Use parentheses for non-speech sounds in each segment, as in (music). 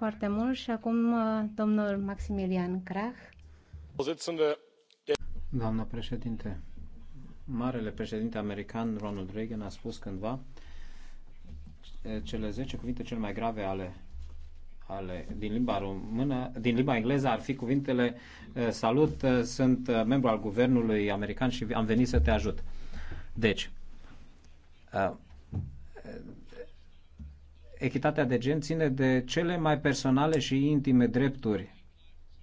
foarte mult și acum uh, domnul Maximilian Krach. Doamna președinte, marele președinte american Ronald Reagan a spus cândva cele 10 cuvinte cele mai grave ale, ale din limba română, din limba engleză ar fi cuvintele uh, salut, uh, sunt membru al guvernului american și am venit să te ajut. Deci, echitatea de gen ține de cele mai personale și intime drepturi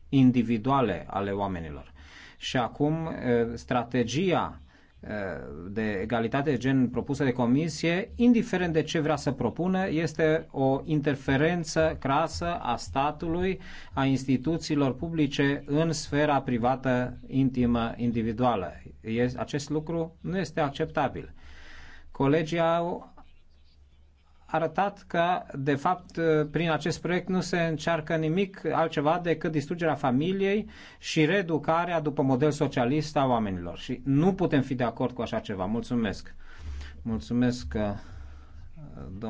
individuale ale oamenilor. Și acum strategia de egalitate de gen propusă de comisie, indiferent de ce vrea să propună, este o interferență crasă a statului, a instituțiilor publice în sfera privată intimă individuală. Acest lucru nu este acceptabil. Colegii au arătat că, de fapt, prin acest proiect nu se încearcă nimic altceva decât distrugerea familiei și reeducarea după model socialist a oamenilor. Și nu putem fi de acord cu așa ceva. Mulțumesc. Mulțumesc. că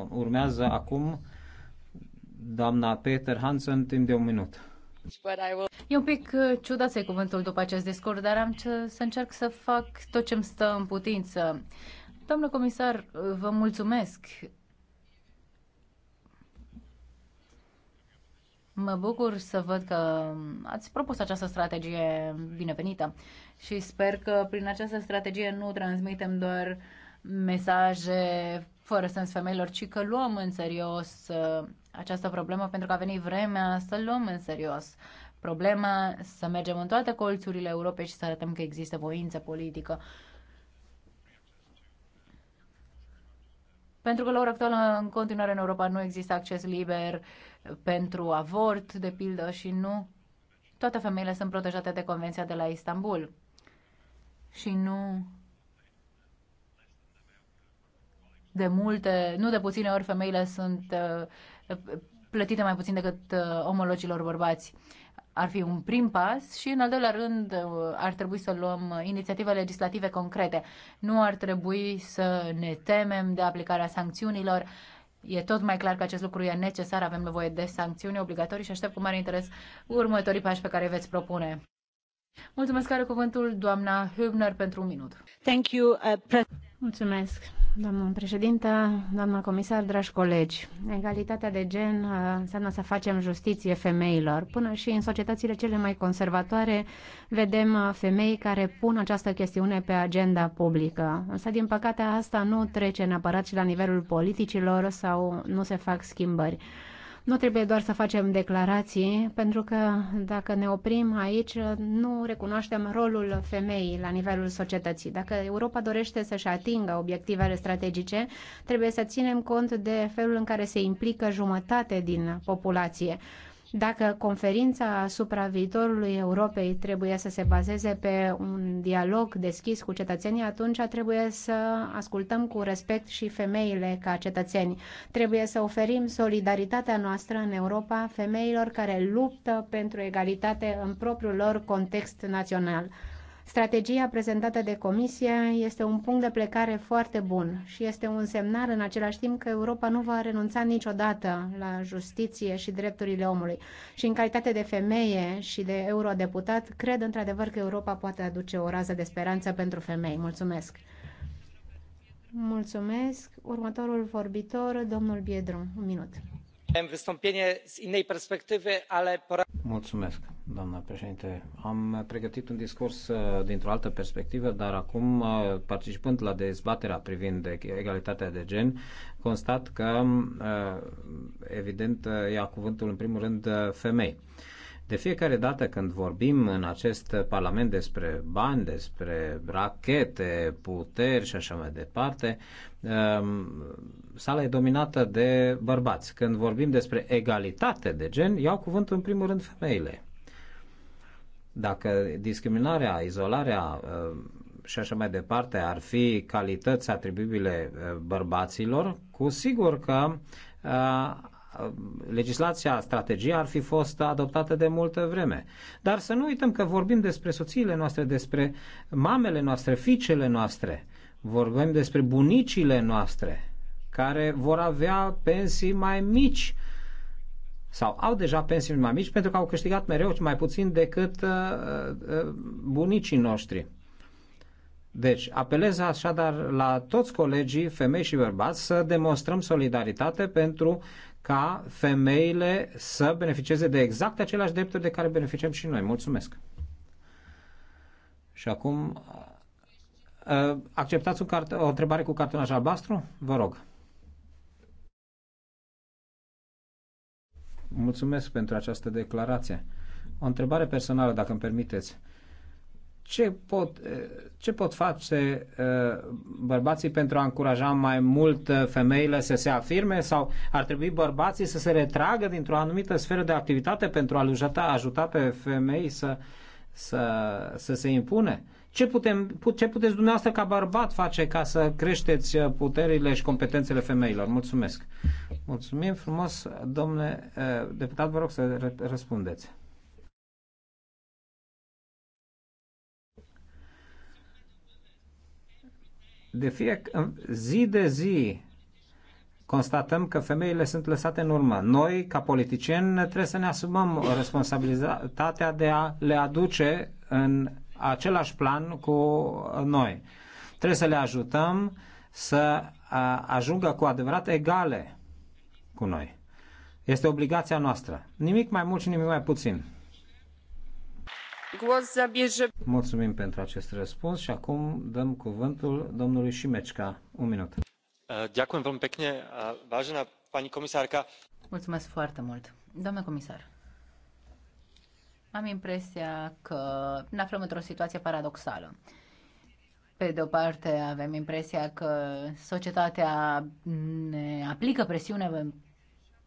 Urmează acum doamna Peter Hansen timp de un minut. E un pic uh, ciudat să cuvântul după acest discurs, dar am ce, să încerc să fac tot ce-mi stă în putință. Doamnă comisar, vă mulțumesc. Mă bucur să văd că ați propus această strategie binevenită și sper că prin această strategie nu transmitem doar mesaje fără sens femeilor, ci că luăm în serios uh, această problemă pentru că a venit vremea să luăm în serios problema, să mergem în toate colțurile Europei și să arătăm că există voință politică Pentru că la ora actuală, în continuare, în Europa nu există acces liber pentru avort, de pildă, și nu toate femeile sunt protejate de Convenția de la Istanbul. Și nu de multe, nu de puține ori femeile sunt uh, plătite mai puțin decât uh, omologilor bărbați ar fi un prim pas și, în al doilea rând, uh, ar trebui să luăm uh, inițiative legislative concrete. Nu ar trebui să ne temem de aplicarea sancțiunilor. E tot mai clar că acest lucru e necesar, avem nevoie de sancțiuni obligatorii și aștept cu mare interes următorii pași pe care îi veți propune. Mulțumesc, are cuvântul doamna Hübner pentru un minut. Thank you, uh, Mulțumesc. Doamna președintă, doamna comisar, dragi colegi, egalitatea de gen uh, înseamnă să facem justiție femeilor. Până și în societățile cele mai conservatoare vedem uh, femei care pun această chestiune pe agenda publică. Însă, din păcate, asta nu trece neapărat și la nivelul politicilor sau nu se fac schimbări. Nu trebuie doar să facem declarații, pentru că dacă ne oprim aici, nu recunoaștem rolul femeii la nivelul societății. Dacă Europa dorește să-și atingă obiectivele strategice, trebuie să ținem cont de felul în care se implică jumătate din populație. Dacă conferința asupra viitorului Europei trebuie să se bazeze pe un dialog deschis cu cetățenii, atunci trebuie să ascultăm cu respect și femeile ca cetățeni. Trebuie să oferim solidaritatea noastră în Europa femeilor care luptă pentru egalitate în propriul lor context național. Strategia prezentată de Comisie este un punct de plecare foarte bun și este un semnal în același timp că Europa nu va renunța niciodată la justiție și drepturile omului. Și în calitate de femeie și de eurodeputat, cred într-adevăr că Europa poate aduce o rază de speranță pentru femei. Mulțumesc! Mulțumesc. Următorul vorbitor, domnul Biedru. Un minut. Mulțumesc, doamna președinte. Am pregătit un discurs dintr-o altă perspectivă, dar acum, participând la dezbaterea privind egalitatea de gen, constat că, evident, ia cuvântul în primul rând femei. De fiecare dată când vorbim în acest Parlament despre bani, despre rachete, puteri și așa mai departe, um, sala e dominată de bărbați. Când vorbim despre egalitate de gen, iau cuvântul în primul rând femeile. Dacă discriminarea, izolarea um, și așa mai departe ar fi calități atribuibile uh, bărbaților, cu sigur că uh, legislația, strategia ar fi fost adoptată de multă vreme. Dar să nu uităm că vorbim despre soțiile noastre, despre mamele noastre, fiicele noastre, vorbim despre bunicile noastre, care vor avea pensii mai mici sau au deja pensii mai mici pentru că au câștigat mereu mai puțin decât uh, uh, bunicii noștri. Deci, apelez așadar la toți colegii, femei și bărbați, să demonstrăm solidaritate pentru ca femeile să beneficieze de exact aceleași drepturi de care beneficiem și noi. Mulțumesc! Și acum, uh, acceptați o, o întrebare cu cartonaș albastru? Vă rog! Mulțumesc pentru această declarație. O întrebare personală, dacă îmi permiteți ce pot, eh, ce pot face eh, bărbații pentru a încuraja mai mult eh, femeile să se afirme sau ar trebui bărbații să se retragă dintr-o anumită sferă de activitate pentru a ajuta, ajuta pe femei să, să, să se impune? Ce, putem, ce puteți dumneavoastră ca bărbat face ca să creșteți puterile și competențele femeilor? Mulțumesc! Mulțumim frumos, domnule deputat, vă rog să răspundeți. de fie zi de zi constatăm că femeile sunt lăsate în urmă. Noi, ca politicieni, trebuie să ne asumăm responsabilitatea de a le aduce în același plan cu noi. Trebuie să le ajutăm să ajungă cu adevărat egale cu noi. Este obligația noastră. Nimic mai mult și nimic mai puțin. Mulțumim pentru acest răspuns și acum dăm cuvântul domnului Șimecica. Un minut. Uh, pani Mulțumesc foarte mult. Doamna comisar, am impresia că ne aflăm într-o situație paradoxală. Pe de o parte, avem impresia că societatea ne aplică presiune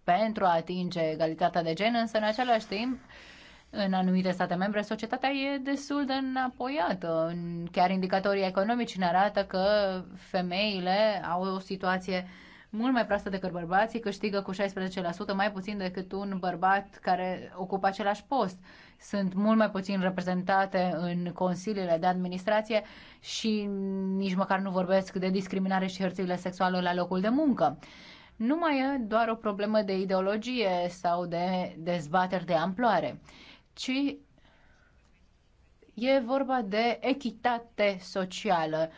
pentru a atinge egalitatea de gen, însă în același timp în anumite state membre, societatea e destul de înapoiată. Chiar indicatorii economici ne arată că femeile au o situație mult mai proastă decât bărbații, câștigă cu 16% mai puțin decât un bărbat care ocupă același post. Sunt mult mai puțin reprezentate în consiliile de administrație și nici măcar nu vorbesc de discriminare și hărțile sexuale la locul de muncă nu mai e doar o problemă de ideologie sau de dezbateri de amploare ci e vorba de echitate socială.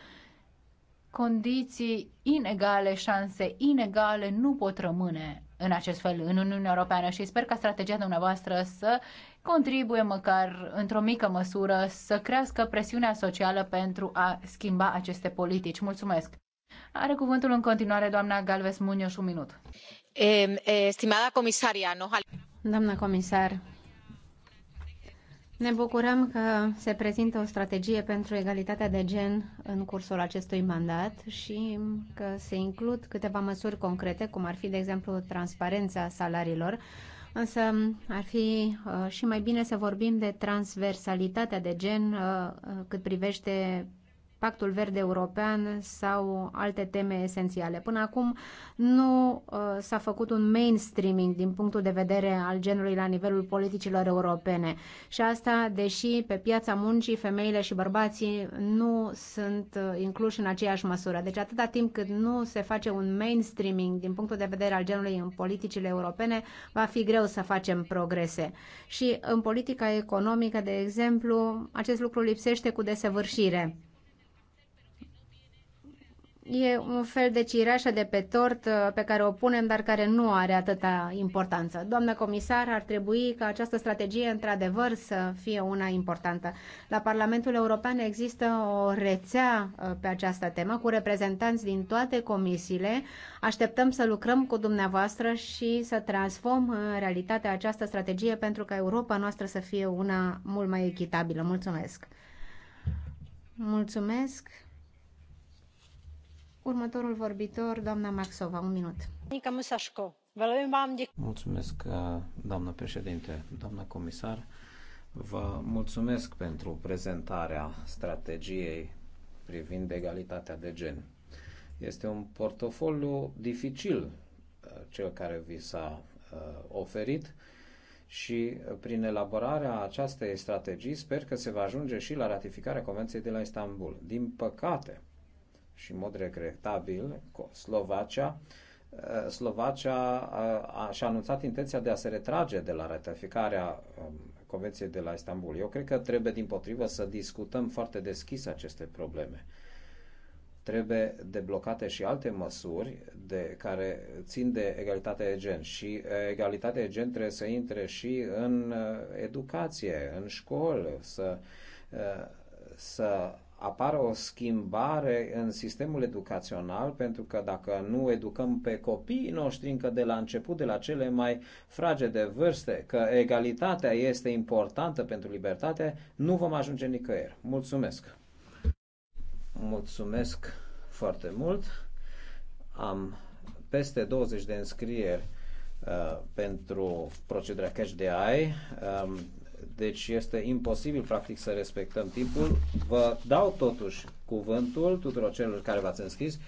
Condiții inegale, șanse inegale nu pot rămâne în acest fel în Uniunea Europeană și sper ca strategia dumneavoastră să contribuie măcar într-o mică măsură să crească presiunea socială pentru a schimba aceste politici. Mulțumesc! Are cuvântul în continuare doamna Galvez Munoz un minut. Eh, estimada comisaria, no... Doamna comisar, ne bucurăm că se prezintă o strategie pentru egalitatea de gen în cursul acestui mandat și că se includ câteva măsuri concrete, cum ar fi, de exemplu, transparența salariilor, însă ar fi uh, și mai bine să vorbim de transversalitatea de gen uh, cât privește Pactul Verde European sau alte teme esențiale. Până acum nu uh, s-a făcut un mainstreaming din punctul de vedere al genului la nivelul politicilor europene și asta deși pe piața muncii femeile și bărbații nu sunt uh, incluși în aceeași măsură. Deci atâta timp cât nu se face un mainstreaming din punctul de vedere al genului în politicile europene, va fi greu să facem progrese. Și în politica economică, de exemplu, acest lucru lipsește cu desăvârșire e un fel de cireașă de pe tort uh, pe care o punem, dar care nu are atâta importanță. Doamna comisar, ar trebui ca această strategie într-adevăr să fie una importantă. La Parlamentul European există o rețea uh, pe această temă cu reprezentanți din toate comisiile. Așteptăm să lucrăm cu dumneavoastră și să transform uh, în realitate această strategie pentru ca Europa noastră să fie una mult mai echitabilă. Mulțumesc! Mulțumesc! Următorul vorbitor, doamna Maxova, un minut. Mulțumesc, uh, doamnă președinte, doamnă comisar. Vă mulțumesc pentru prezentarea strategiei privind egalitatea de gen. Este un portofoliu dificil uh, cel care vi s-a uh, oferit și prin elaborarea acestei strategii sper că se va ajunge și la ratificarea Convenției de la Istanbul. Din păcate, și în mod regretabil Slovacia, eh, Slovacia eh, a și-a anunțat intenția de a se retrage de la ratificarea um, Convenției de la Istanbul. Eu cred că trebuie, din potrivă, să discutăm foarte deschis aceste probleme. Trebuie deblocate și alte măsuri de, care țin de egalitatea de gen. Și eh, egalitatea de gen trebuie să intre și în educație, în școli, să, să apare o schimbare în sistemul educațional, pentru că dacă nu educăm pe copiii noștri încă de la început, de la cele mai frage de vârste, că egalitatea este importantă pentru libertate, nu vom ajunge nicăieri. Mulțumesc! Mulțumesc foarte mult! Am peste 20 de înscrieri uh, pentru procedura Cash de AI. Um, deci este imposibil practic să respectăm timpul. Vă dau totuși cuvântul tuturor celor care v-ați înscris,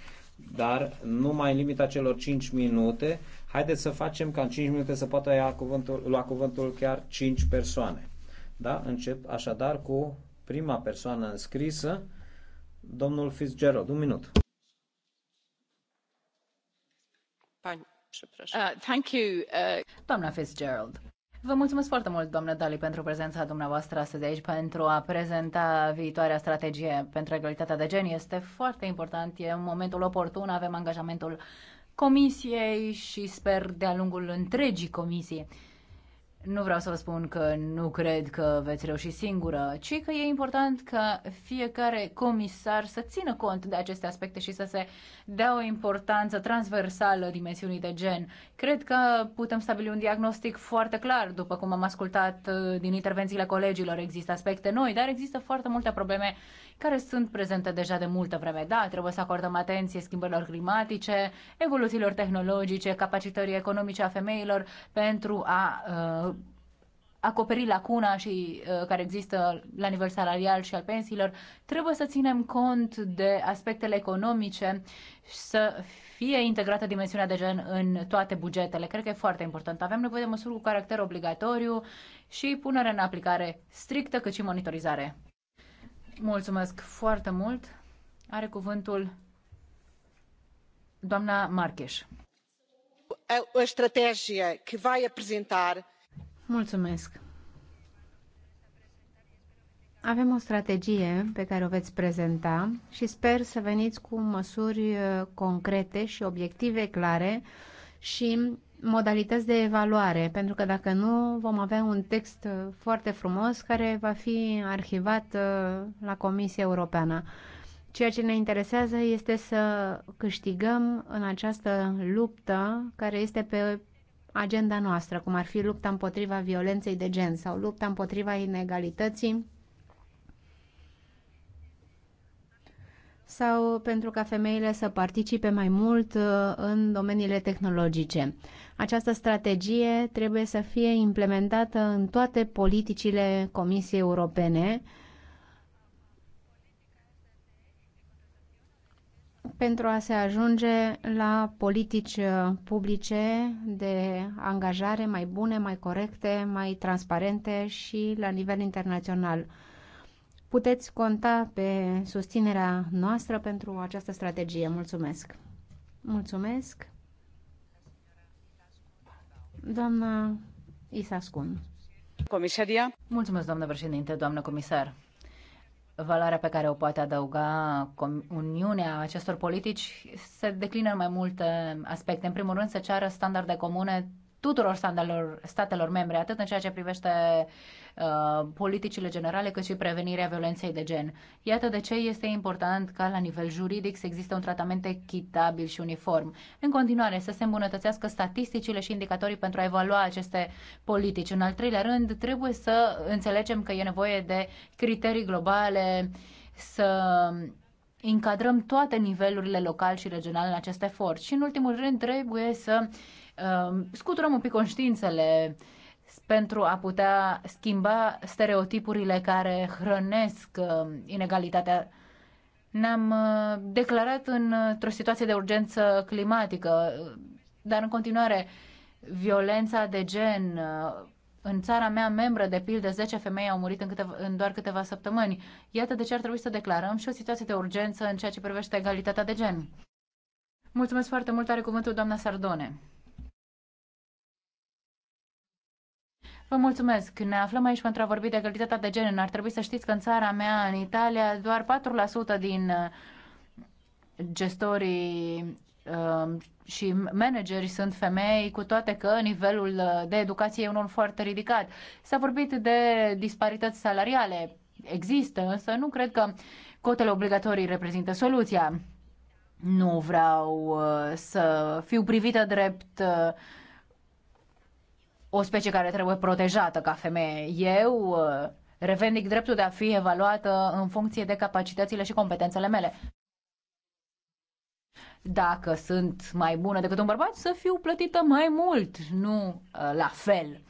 dar numai în limita celor 5 minute. Haideți să facem ca în 5 minute să poată ia cuvântul, lua cuvântul chiar 5 persoane. Da? Încep așadar cu prima persoană înscrisă, domnul Fitzgerald. Un minut. Pani, uh, thank you, uh... Doamna Fitzgerald. Vă mulțumesc foarte mult, doamnă Dali, pentru prezența dumneavoastră astăzi aici, pentru a prezenta viitoarea strategie pentru egalitatea de gen. Este foarte important, e un momentul oportun, avem angajamentul Comisiei și sper de-a lungul întregii comisii. Nu vreau să vă spun că nu cred că veți reuși singură, ci că e important ca fiecare comisar să țină cont de aceste aspecte și să se dea o importanță transversală dimensiunii de gen. Cred că putem stabili un diagnostic foarte clar, după cum am ascultat uh, din intervențiile colegilor. Există aspecte noi, dar există foarte multe probleme care sunt prezente deja de multă vreme. Da, trebuie să acordăm atenție schimbărilor climatice, evoluțiilor tehnologice, capacitării economice a femeilor pentru a uh, acoperi lacuna și uh, care există la nivel salarial și al pensiilor, trebuie să ținem cont de aspectele economice și să fie integrată dimensiunea de gen în toate bugetele. Cred că e foarte important. Avem nevoie de măsuri cu caracter obligatoriu și punere în aplicare strictă, cât și monitorizare. Mulțumesc foarte mult. Are cuvântul doamna Marcheș. O strategie care va prezenta. Mulțumesc. Avem o strategie pe care o veți prezenta și sper să veniți cu măsuri uh, concrete și obiective clare și modalități de evaluare, pentru că dacă nu, vom avea un text uh, foarte frumos care va fi arhivat uh, la Comisia Europeană. Ceea ce ne interesează este să câștigăm în această luptă care este pe agenda noastră, cum ar fi lupta împotriva violenței de gen sau lupta împotriva inegalității sau pentru ca femeile să participe mai mult uh, în domeniile tehnologice. Această strategie trebuie să fie implementată în toate politicile Comisiei Europene pentru a se ajunge la politici uh, publice de angajare mai bune, mai corecte, mai transparente și la nivel internațional. Puteți conta pe susținerea noastră pentru această strategie. Mulțumesc! Mulțumesc! Doamna Isascun. Comisaria. Mulțumesc, doamnă președinte, doamnă comisar valoarea pe care o poate adăuga Uniunea acestor politici se declină în mai multe aspecte. În primul rând, se ceară standarde comune tuturor standelor statelor membre, atât în ceea ce privește uh, politicile generale, cât și prevenirea violenței de gen. Iată de ce este important ca la nivel juridic să existe un tratament echitabil și uniform. În continuare, să se îmbunătățească statisticile și indicatorii pentru a evalua aceste politici. În al treilea rând, trebuie să înțelegem că e nevoie de criterii globale, să încadrăm toate nivelurile local și regional în acest efort. Și în ultimul rând trebuie să uh, Um, scuturăm un pic conștiințele pentru a putea schimba stereotipurile care hrănesc um, inegalitatea. Ne-am uh, declarat într-o situație de urgență climatică, uh, dar în continuare violența de gen uh, în țara mea membră, de pildă, 10 femei au murit în, câteva, în doar câteva săptămâni. Iată de ce ar trebui să declarăm și o situație de urgență în ceea ce privește egalitatea de gen. Mulțumesc foarte mult, are cuvântul doamna Sardone. Vă mulțumesc. Ne aflăm aici pentru a vorbi de egalitatea de gen. Ar trebui să știți că în țara mea, în Italia, doar 4% din uh, gestorii uh, și manageri sunt femei, cu toate că nivelul uh, de educație e unul foarte ridicat. S-a vorbit de disparități salariale. Există, însă nu cred că cotele obligatorii reprezintă soluția. Nu vreau să fiu privită drept uh, o specie care trebuie protejată ca femeie. Eu uh, revendic dreptul de a fi evaluată în funcție de capacitățile și competențele mele. Dacă sunt mai bună decât un bărbat, să fiu plătită mai mult, nu uh, la fel.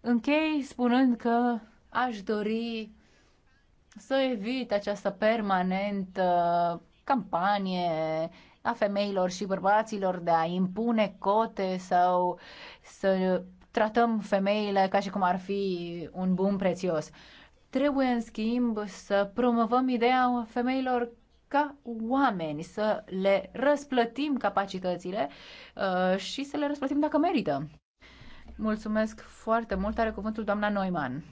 Închei spunând că aș dori să evit această permanentă campanie a femeilor și bărbaților de a impune cote sau să tratăm femeile ca și cum ar fi un bun prețios. Trebuie, în schimb, să promovăm ideea femeilor ca oameni, să le răsplătim capacitățile uh, și să le răsplătim dacă merită. Mulțumesc foarte mult. Are cuvântul doamna Neumann.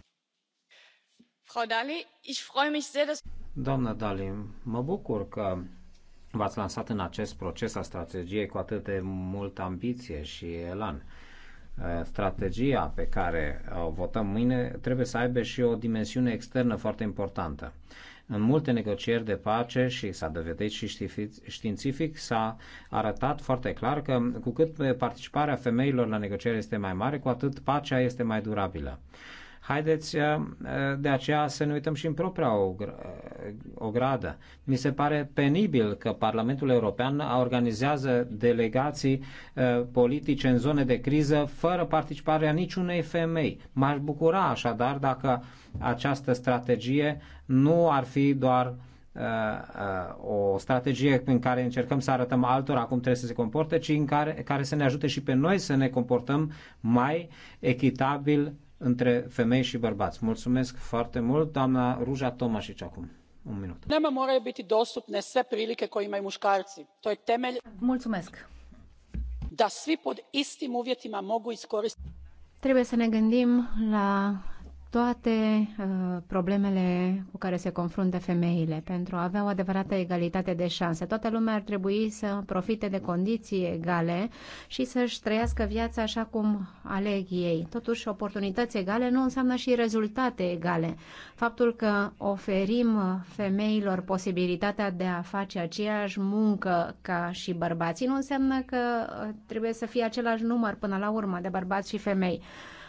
Frau Dali, ich freue mich sehr, dass... Doamna Dali, mă bucur că v-ați lansat în acest proces a strategiei cu atât de multă ambiție și elan. Uh, Eh, strategia pe care eh, o votăm mâine trebuie să aibă și o dimensiune externă foarte importantă. În multe negocieri de pace și s-a dovedit și științific, s-a arătat foarte clar că cu cât eh, participarea femeilor la negocieri este mai mare, cu atât pacea este mai durabilă. Haideți uh, de aceea să ne uităm și în propria uh, ogradă. Mi se pare penibil că Parlamentul European organizează delegații uh, politice în zone de criză fără participarea niciunei femei. M-aș bucura așadar dacă această strategie nu ar fi doar o strategie în care încercăm să arătăm altora cum trebuie să se comporte, ci în care, care să ne ajute și pe noi să ne comportăm mai echitabil între femei și bărbați. Mulțumesc foarte mult, doamna Ruja Tomašić acum. Un minut. Nema moraju biti dostupne sve prilike koje imaju muškarci. To je temelj. Mulțumesc. Da svi pod istim uvjetima mogu iskoristiti. Trebuie să ne gândim la toate uh, problemele cu care se confruntă femeile pentru a avea o adevărată egalitate de șanse. Toată lumea ar trebui să profite de condiții egale și să-și trăiască viața așa cum aleg ei. Totuși, oportunități egale nu înseamnă și rezultate egale. Faptul că oferim femeilor posibilitatea de a face aceeași muncă ca și bărbații nu înseamnă că trebuie să fie același număr până la urmă de bărbați și femei. Uh,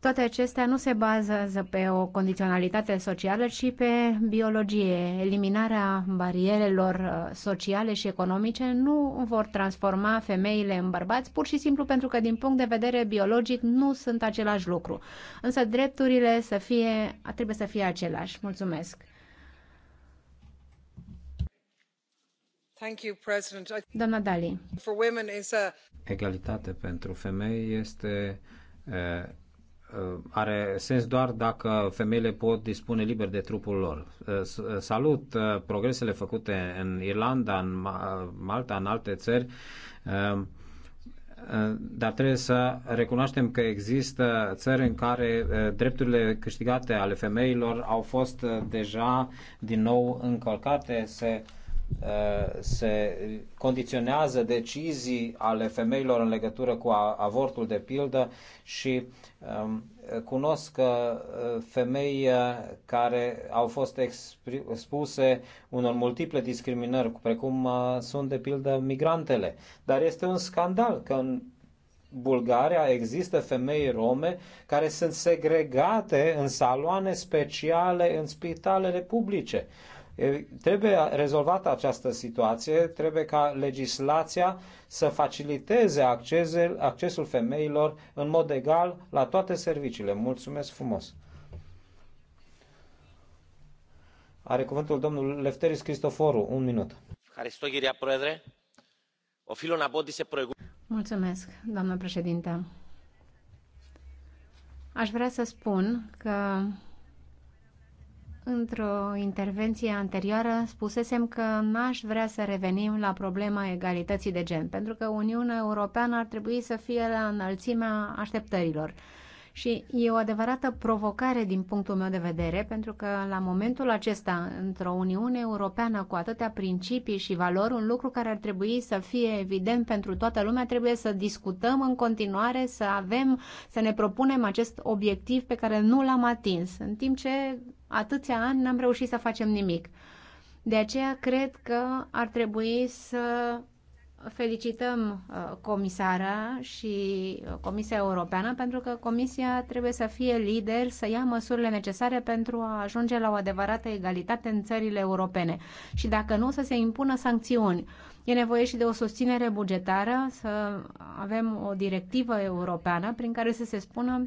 toate acestea nu se bazează pe o condiționalitate socială, ci pe biologie. Eliminarea barierelor uh, sociale și economice nu vor transforma femeile în bărbați, pur și simplu pentru că, din punct de vedere biologic, nu sunt același lucru. Însă drepturile să fie, trebuie să fie același. Mulțumesc! Doamna Dali. Egalitate pentru femei este uh, Uh, are sens doar dacă femeile pot dispune liber de trupul lor. Uh, uh, salut progresele făcute în Irlanda, în Malta, în alte țări, dar trebuie să recunoaștem că există țări în care drepturile câștigate ale femeilor au fost deja din nou încălcate, se Uh, se condiționează decizii ale femeilor în legătură cu avortul de pildă și um, cunosc uh, femei uh, care au fost expuse unor multiple discriminări, precum sunt de pildă migrantele. Dar este un scandal că în Bulgaria există femei rome care sunt segregate în saloane speciale în spitalele publice. Uh, Trebuie rezolvată această situație, trebuie ca legislația să faciliteze accesul, accesul femeilor în mod egal la toate serviciile. Mulțumesc frumos! Are cuvântul domnul Lefteris Cristoforu. Un minut. se Mulțumesc, doamnă președintă. Aș vrea să spun că Într-o intervenție anterioară spusesem că n-aș vrea să revenim la problema egalității de gen, pentru că Uniunea Europeană ar trebui să fie la înălțimea așteptărilor. Și e o adevărată provocare din punctul meu de vedere, pentru că la momentul acesta, într-o Uniune Europeană cu atâtea principii și valori, un lucru care ar trebui să fie evident pentru toată lumea, trebuie să discutăm în continuare, să avem, să ne propunem acest obiectiv pe care nu l-am atins, în timp ce atâția ani n-am reușit să facem nimic. De aceea cred că ar trebui să felicităm uh, comisara și uh, Comisia Europeană pentru că Comisia trebuie să fie lider, să ia măsurile necesare pentru a ajunge la o adevărată egalitate în țările europene și dacă nu să se impună sancțiuni. E nevoie și de o susținere bugetară, să avem o directivă europeană prin care să se spună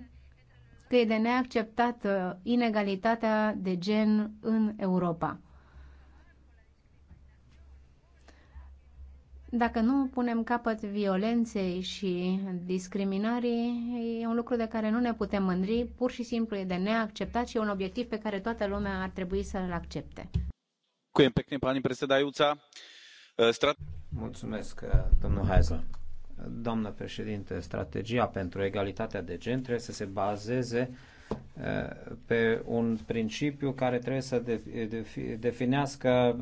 că e de neacceptat uh, inegalitatea de gen în Europa. Dacă nu punem capăt violenței și discriminării, e un lucru de care nu ne putem mândri, pur și simplu e de neacceptat și e un obiectiv pe care toată lumea ar trebui să-l accepte. Cu pekne, pani predsedajúca. Mulțumesc, domnul Heisler. Doamnă președinte, strategia pentru egalitatea de gen trebuie să se bazeze pe un principiu care trebuie să definească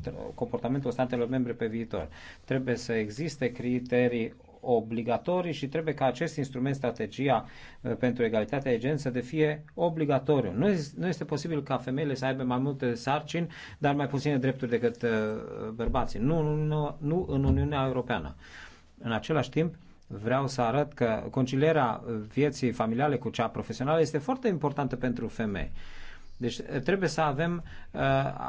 uh, comportamentul statelor membre pe viitor. Trebuie să existe criterii obligatorii și trebuie ca acest instrument, strategia uh, pentru egalitatea de gen, să de fie obligatoriu. Nu este, nu este posibil ca femeile să aibă mai multe sarcini, dar mai puține drepturi decât uh, bărbații. Nu, nu, nu în Uniunea Europeană. În același timp, vreau să arăt că concilierea vieții familiale cu cea profesională este foarte importantă pentru femei. Deci eh, trebuie să avem uh,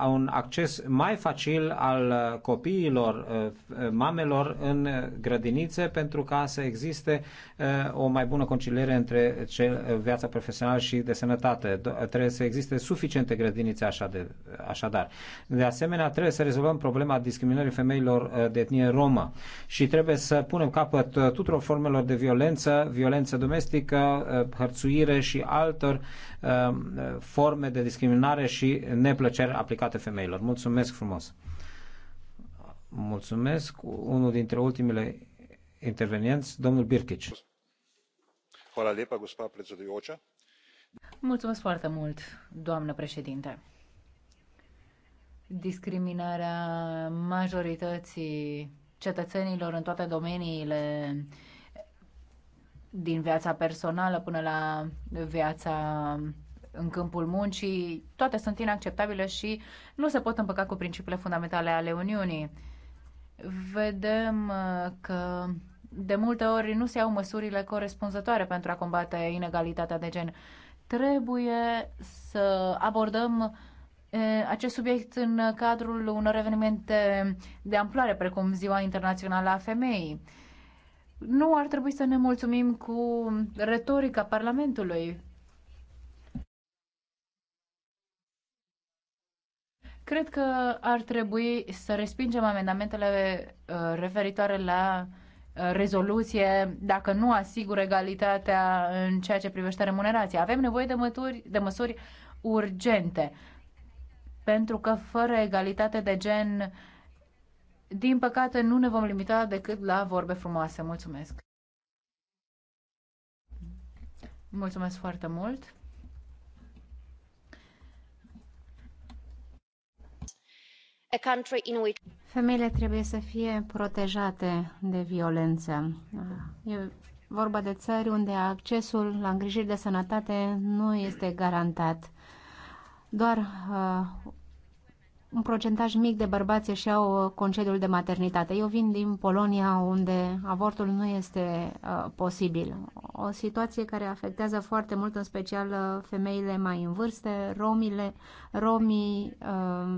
un acces mai facil al eh, copiilor, uh, mamelor în grădinițe pentru ca să existe uh, o mai bună conciliere între cel, uh, viața profesională și de sănătate. Do- trebuie să existe suficiente grădinițe așa de, așadar. De asemenea, trebuie să rezolvăm problema discriminării femeilor uh, de etnie romă și trebuie să punem capăt uh, tuturor formelor de violență, violență domestică, uh, hărțuire și altor uh, forme de de discriminare și neplăceri aplicate femeilor. Mulțumesc frumos! Mulțumesc! Unul dintre ultimele intervenienți, domnul Birkic. Mulțumesc foarte mult, doamnă președinte. Discriminarea majorității cetățenilor în toate domeniile din viața personală până la viața în câmpul muncii, toate sunt inacceptabile și nu se pot împăca cu principiile fundamentale ale Uniunii. Vedem uh, că de multe ori nu se iau măsurile corespunzătoare pentru a combate inegalitatea de gen. Trebuie să abordăm uh, acest subiect în cadrul unor evenimente de amploare, precum Ziua Internațională a Femeii. Nu ar trebui să ne mulțumim cu retorica Parlamentului, Cred că ar trebui să respingem amendamentele uh, referitoare la uh, rezoluție dacă nu asigură egalitatea în ceea ce privește remunerația. Avem nevoie de, mături, de măsuri urgente, pentru că fără egalitate de gen, din păcate, nu ne vom limita decât la vorbe frumoase. Mulțumesc! Mulțumesc foarte mult! Femeile trebuie să fie protejate de violență. E vorba de țări unde accesul la îngrijiri de sănătate nu este garantat. Doar uh, un procentaj mic de bărbați își iau uh, concediul de maternitate. Eu vin din Polonia, unde avortul nu este uh, posibil. O situație care afectează foarte mult, în special, uh, femeile mai în vârstă, romile, romii, uh,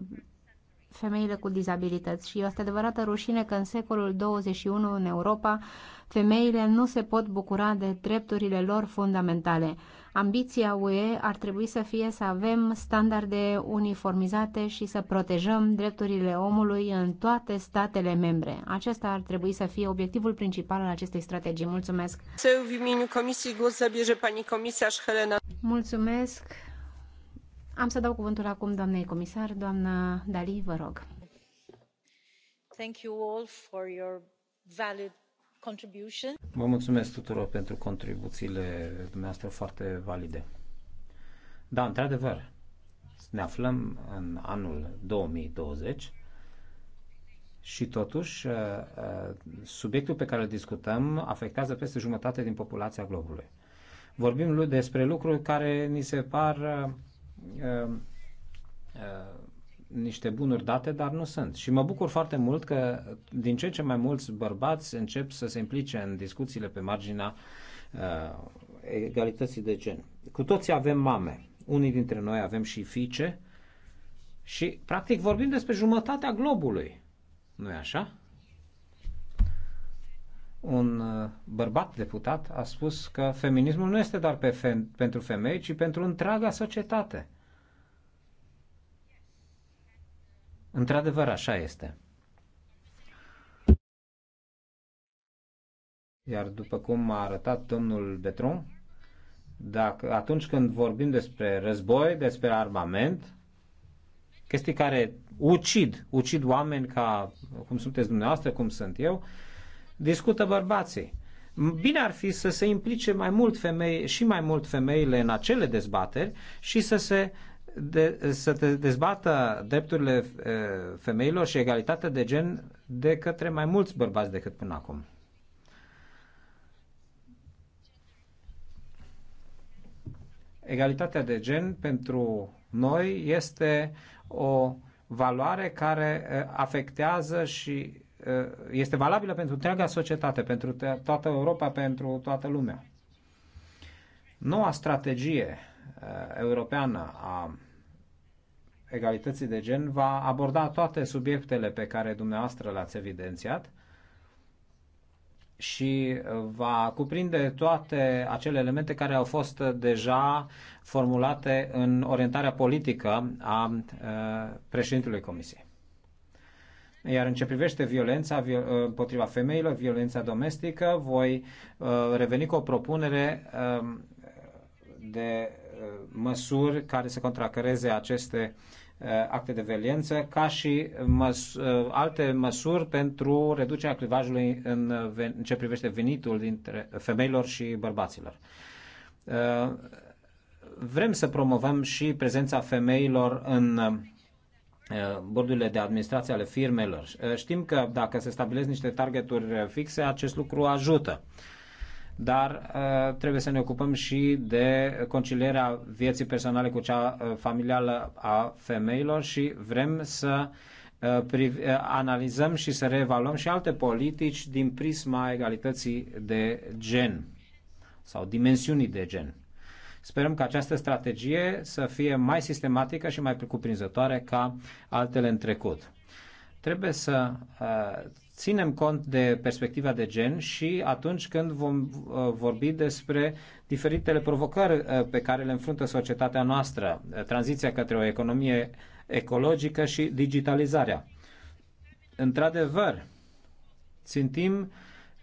femeile cu dizabilități și este adevărată rușine că în secolul 21 în Europa femeile nu se pot bucura de drepturile lor fundamentale. Ambiția UE ar trebui să fie să avem standarde uniformizate și să protejăm drepturile omului în toate statele membre. Acesta ar trebui să fie obiectivul principal al acestei strategii. Mulțumesc! Mulțumesc! Am să dau cuvântul acum doamnei comisar. Doamna Dali, vă rog. Thank you all for your valid contribution. Vă mulțumesc tuturor pentru contribuțiile dumneavoastră foarte valide. Da, într-adevăr, ne aflăm în anul 2020 și totuși uh, uh, subiectul pe care îl discutăm afectează peste jumătate din populația globului. Vorbim despre lucruri care ni se par uh, Ehm, ehm, niște bunuri date, dar nu sunt. Și mă bucur foarte mult că din ce în ce mai mulți bărbați încep să se implice în discuțiile pe marginea uh, egalității de gen. Cu toții avem mame, unii dintre noi avem și fiice și practic vorbim despre jumătatea globului. nu e așa? un uh, bărbat deputat a spus că feminismul nu este doar pe fe- pentru femei, ci pentru întreaga societate. Într-adevăr, așa este. Iar după cum a arătat domnul Betron, dacă, atunci când vorbim despre război, despre armament, chestii care ucid, ucid oameni ca cum sunteți dumneavoastră, cum sunt eu, uh, discută bărbații. Bine ar fi să se implice mai mult femei și mai mult femeile în acele dezbateri și să se de, să te dezbată drepturile eh, femeilor și egalitatea de gen de către mai mulți bărbați decât până acum. Egalitatea de gen pentru noi este o valoare care eh, afectează și Uh, este valabilă pentru întreaga societate, pentru toată Europa, pentru toată lumea. Noua strategie uh, europeană a egalității de gen va aborda toate subiectele pe care dumneavoastră le-ați evidențiat și va cuprinde toate acele elemente care au fost deja formulate în orientarea politică a uh, președintelui Comisiei. Iar în ce privește violența uh, împotriva femeilor, violența domestică, voi uh, reveni cu o propunere um, de uh, măsuri care să contracăreze aceste acte de violență, ca și măs- alte măsuri pentru reducerea clivajului în, în ce privește venitul dintre femeilor și bărbaților. Vrem să promovăm și prezența femeilor în Uh, bordurile de administrație ale firmelor. Uh, știm că dacă se stabilesc niște targeturi uh, fixe, acest lucru ajută. Dar trebuie să ne ocupăm și de concilierea vieții personale cu cea familială a femeilor și vrem să analizăm și să reevaluăm și alte politici din prisma egalității de gen sau dimensiunii de gen. Sperăm că această strategie să fie mai sistematică și mai cuprinzătoare ca altele în trecut. Trebuie să uh, ținem cont de perspectiva de gen și atunci când vom uh, vorbi despre diferitele provocări uh, pe care le înfruntă societatea noastră, tranziția către o economie ecologică și digitalizarea. Într-adevăr, țintim uh,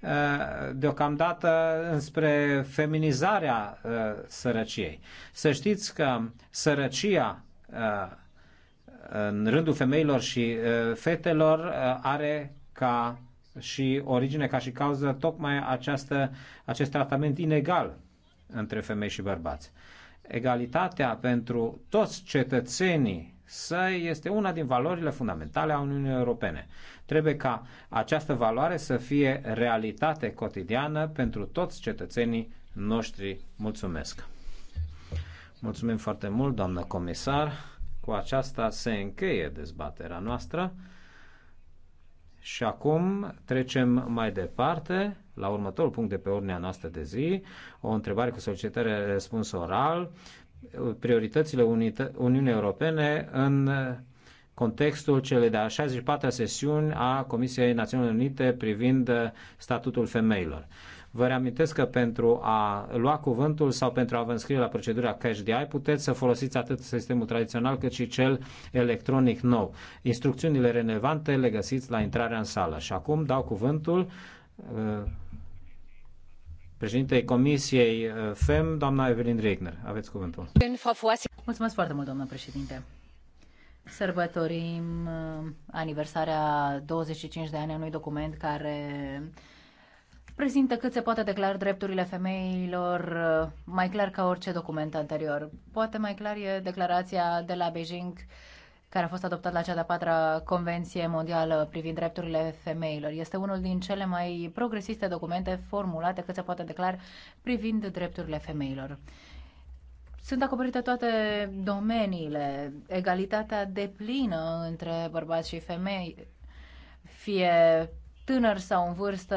Eh, deocamdată înspre feminizarea eh, sărăciei. Să știți că sărăcia eh, în rândul femeilor și fetelor are ca și origine, ca și cauză, tocmai această, acest tratament inegal între femei și bărbați. Egalitatea pentru toți cetățenii săi este una din valorile fundamentale a Uniunii Europene. Trebuie ca această valoare să fie realitate cotidiană pentru toți cetățenii noștri. Mulțumesc! Mulțumim foarte mult, doamnă comisar. Cu aceasta se încheie dezbaterea noastră. Și acum trecem mai departe la următorul punct de pe ordinea noastră de zi, o întrebare cu solicitare răspuns oral, prioritățile Uniunii Europene în contextul cele de-a 64-a sesiuni a Comisiei Națiunilor Unite privind uh, statutul femeilor. Vă reamintesc că pentru a lua cuvântul sau pentru a vă înscrie la procedura Cash DI puteți să folosiți atât sistemul tradițional cât și cel electronic nou. Instrucțiunile relevante le găsiți la intrarea în sală. Și acum dau cuvântul uh, președintei Comisiei uh, FEM, doamna Evelyn Regner. Aveți cuvântul. Mulțumesc foarte mult, doamnă președinte sărbătorim uh, aniversarea 25 de ani a unui document care prezintă cât se poate declar drepturile femeilor uh, mai clar ca orice document anterior. Poate mai clar e declarația de la Beijing care a fost adoptat la cea de-a patra Convenție Mondială privind drepturile femeilor. Este unul din cele mai progresiste documente formulate cât se poate declar privind drepturile femeilor. Sunt acoperite toate domeniile, egalitatea plină între bărbați și femei, fie tânăr sau în vârstă,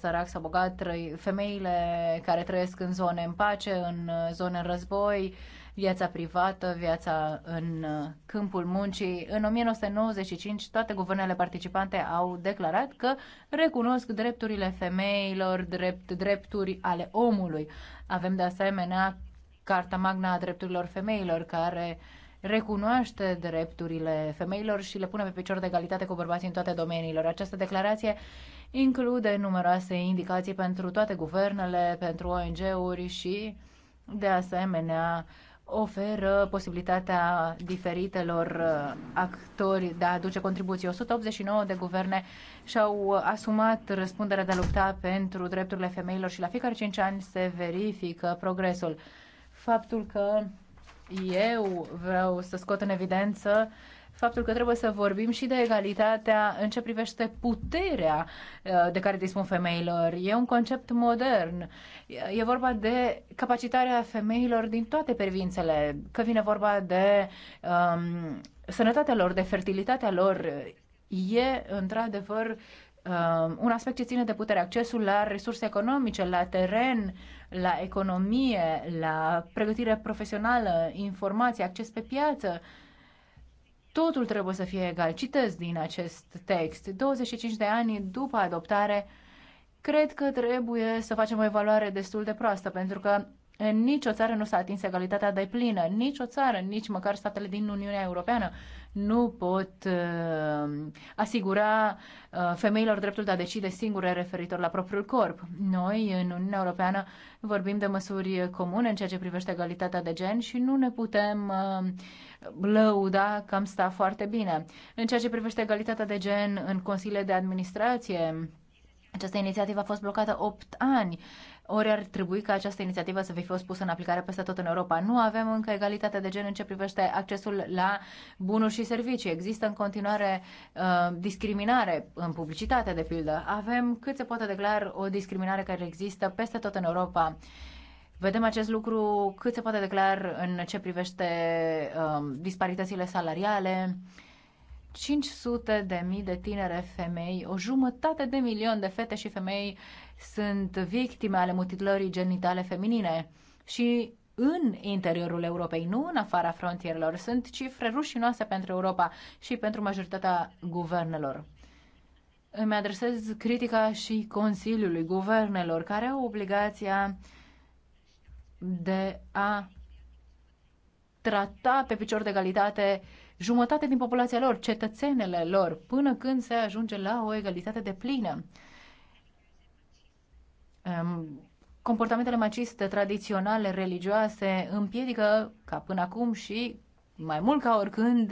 sărac sau bogat, trăi, femeile care trăiesc în zone în pace, în zone în război, viața privată, viața în câmpul muncii. În 1995, toate guvernele participante au declarat că recunosc drepturile femeilor drept drepturi ale omului. Avem de asemenea Carta Magna a Drepturilor Femeilor, care recunoaște drepturile femeilor și le pune pe picior de egalitate cu bărbații în toate domeniilor. Această declarație include numeroase indicații pentru toate guvernele, pentru ONG-uri și, de asemenea, oferă posibilitatea diferitelor uh, actori de a aduce contribuții. 189 de guverne și-au asumat răspunderea de a lupta pentru drepturile femeilor și la fiecare 5 ani se verifică progresul faptul că eu vreau să scot în evidență faptul că trebuie să vorbim și de egalitatea în ce privește puterea uh, de care dispun femeilor. E un concept modern. E vorba de capacitarea femeilor din toate privințele, că vine vorba de um, sănătatea lor, de fertilitatea lor. E, într-adevăr, Um, un aspect ce ține de putere, accesul la resurse economice, la teren, la economie, la pregătire profesională, informație, acces pe piață. Totul trebuie să fie egal. Citez din acest text. 25 de ani după adoptare, cred că trebuie să facem o evaluare destul de proastă, pentru că în nicio țară nu s-a atins egalitatea de plină, nicio țară, nici măcar statele din Uniunea Europeană nu pot uh, asigura uh, femeilor dreptul de a decide singure referitor la propriul corp. Noi, în Uniunea Europeană, vorbim de măsuri comune în ceea ce privește egalitatea de gen și nu ne putem uh, lăuda că am stat foarte bine. În ceea ce privește egalitatea de gen în consiliile de administrație, această inițiativă a fost blocată 8 ani. Uh, ori ar trebui ca această inițiativă să fi fost pusă în aplicare peste tot în Europa. Nu avem încă egalitate de gen în ce privește accesul la bunuri și servicii. Există în continuare uh, discriminare în publicitate, de pildă. Avem cât se poate declar o discriminare care există peste tot în Europa. Vedem acest lucru cât se poate declar în ce privește uh, disparitățile salariale. 500 de mii de tinere femei, o jumătate de milion de fete și femei uh, sunt victime ale mutilării genitale feminine și în interiorul Europei, nu în afara frontierelor. Sunt cifre rușinoase pentru Europa și pentru majoritatea guvernelor. Îmi adresez critica și Consiliului Guvernelor, care au obligația de a trata pe picior de egalitate jumătate din populația lor, cetățenele lor, până când se ajunge la o egalitate de plină. Ehm, comportamentele maciste tradiționale, religioase, împiedică, ca până acum și mai mult ca oricând,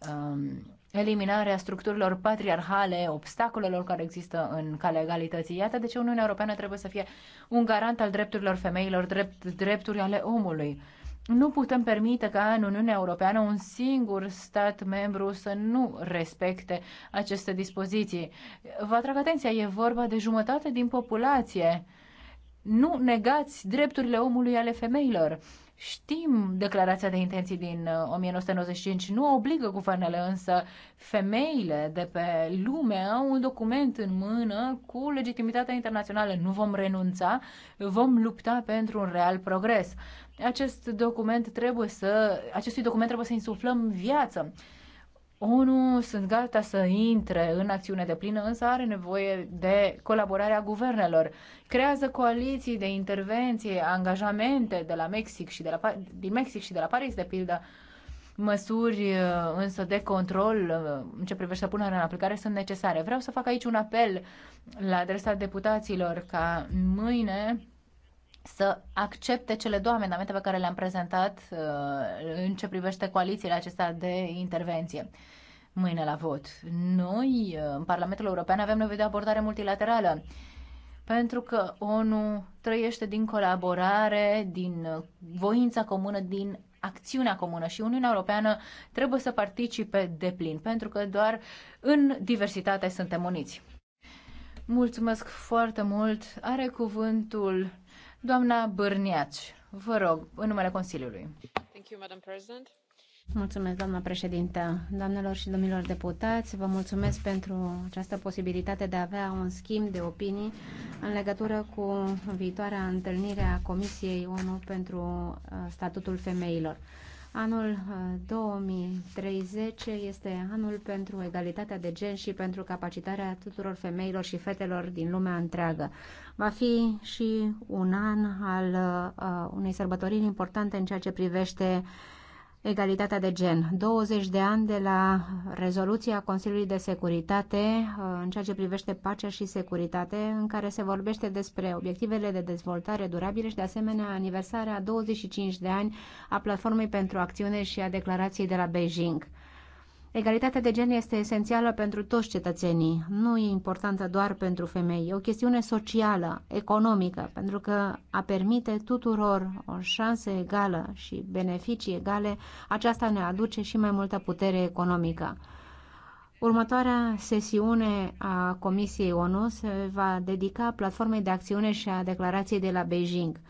ehm, eliminarea structurilor patriarhale, obstacolelor care există în calea egalității. Iată de ce Uniunea Europeană trebuie să fie un garant al drepturilor femeilor, drept, drepturi ale omului nu putem permite ca în Uniunea Europeană un singur stat membru să nu respecte aceste dispoziții. Vă atrag atenția, e vorba de jumătate din populație. Nu negați drepturile omului ale femeilor. Știm declarația de intenții din 1995, uh, nu obligă guvernele, însă femeile de pe lume au un document în mână cu legitimitatea internațională. Nu vom renunța, vom lupta pentru un real progres acest document trebuie să, acestui document trebuie să insuflăm viață. ONU sunt gata să intre în acțiune de plină, însă are nevoie de colaborarea guvernelor. Creează coaliții de intervenție, angajamente de la Mexic și de la, din Mexic și de la Paris, de pildă. Măsuri uh, însă de control uh, în ce privește punerea în aplicare sunt necesare. Vreau să fac aici un apel la adresa deputaților ca mâine să accepte cele două amendamente pe care le-am prezentat uh, în ce privește coalițiile acestea de intervenție mâine la vot. Noi, uh, în Parlamentul European, avem nevoie de abordare multilaterală pentru că ONU trăiește din colaborare, din uh, voința comună, din acțiunea comună și Uniunea Europeană trebuie să participe de plin, pentru că doar în diversitate suntem uniți. Mulțumesc foarte mult. Are cuvântul Doamna Bârniaci, vă rog, în numele Consiliului. Thank you, Madam President. Mulțumesc, doamna președintă. Doamnelor și domnilor deputați, vă mulțumesc pentru această posibilitate de a avea un schimb de opinii în legătură cu viitoarea întâlnire a Comisiei ONU pentru uh, statutul femeilor. Anul 2030 uh, este anul pentru egalitatea de gen și pentru capacitarea tuturor femeilor și fetelor din lumea întreagă. Va fi și un an al uh, unei sărbătoriri importante în ceea ce privește uh, egalitatea de gen. 20 de ani de la rezoluția Consiliului de Securitate uh, în ceea ce privește pacea și securitate, în care se vorbește despre obiectivele de dezvoltare durabile și de asemenea aniversarea 25 de ani a Platformei pentru Acțiune și a Declarației de la Beijing. Egalitatea de gen este esențială pentru toți cetățenii, nu e importantă doar pentru femei. E o chestiune socială, economică, pentru că a permite tuturor o șansă egală și beneficii egale, aceasta ne aduce și mai multă putere economică. Următoarea sesiune a Comisiei ONU se va dedica platformei de acțiune și a declarației de la Beijing.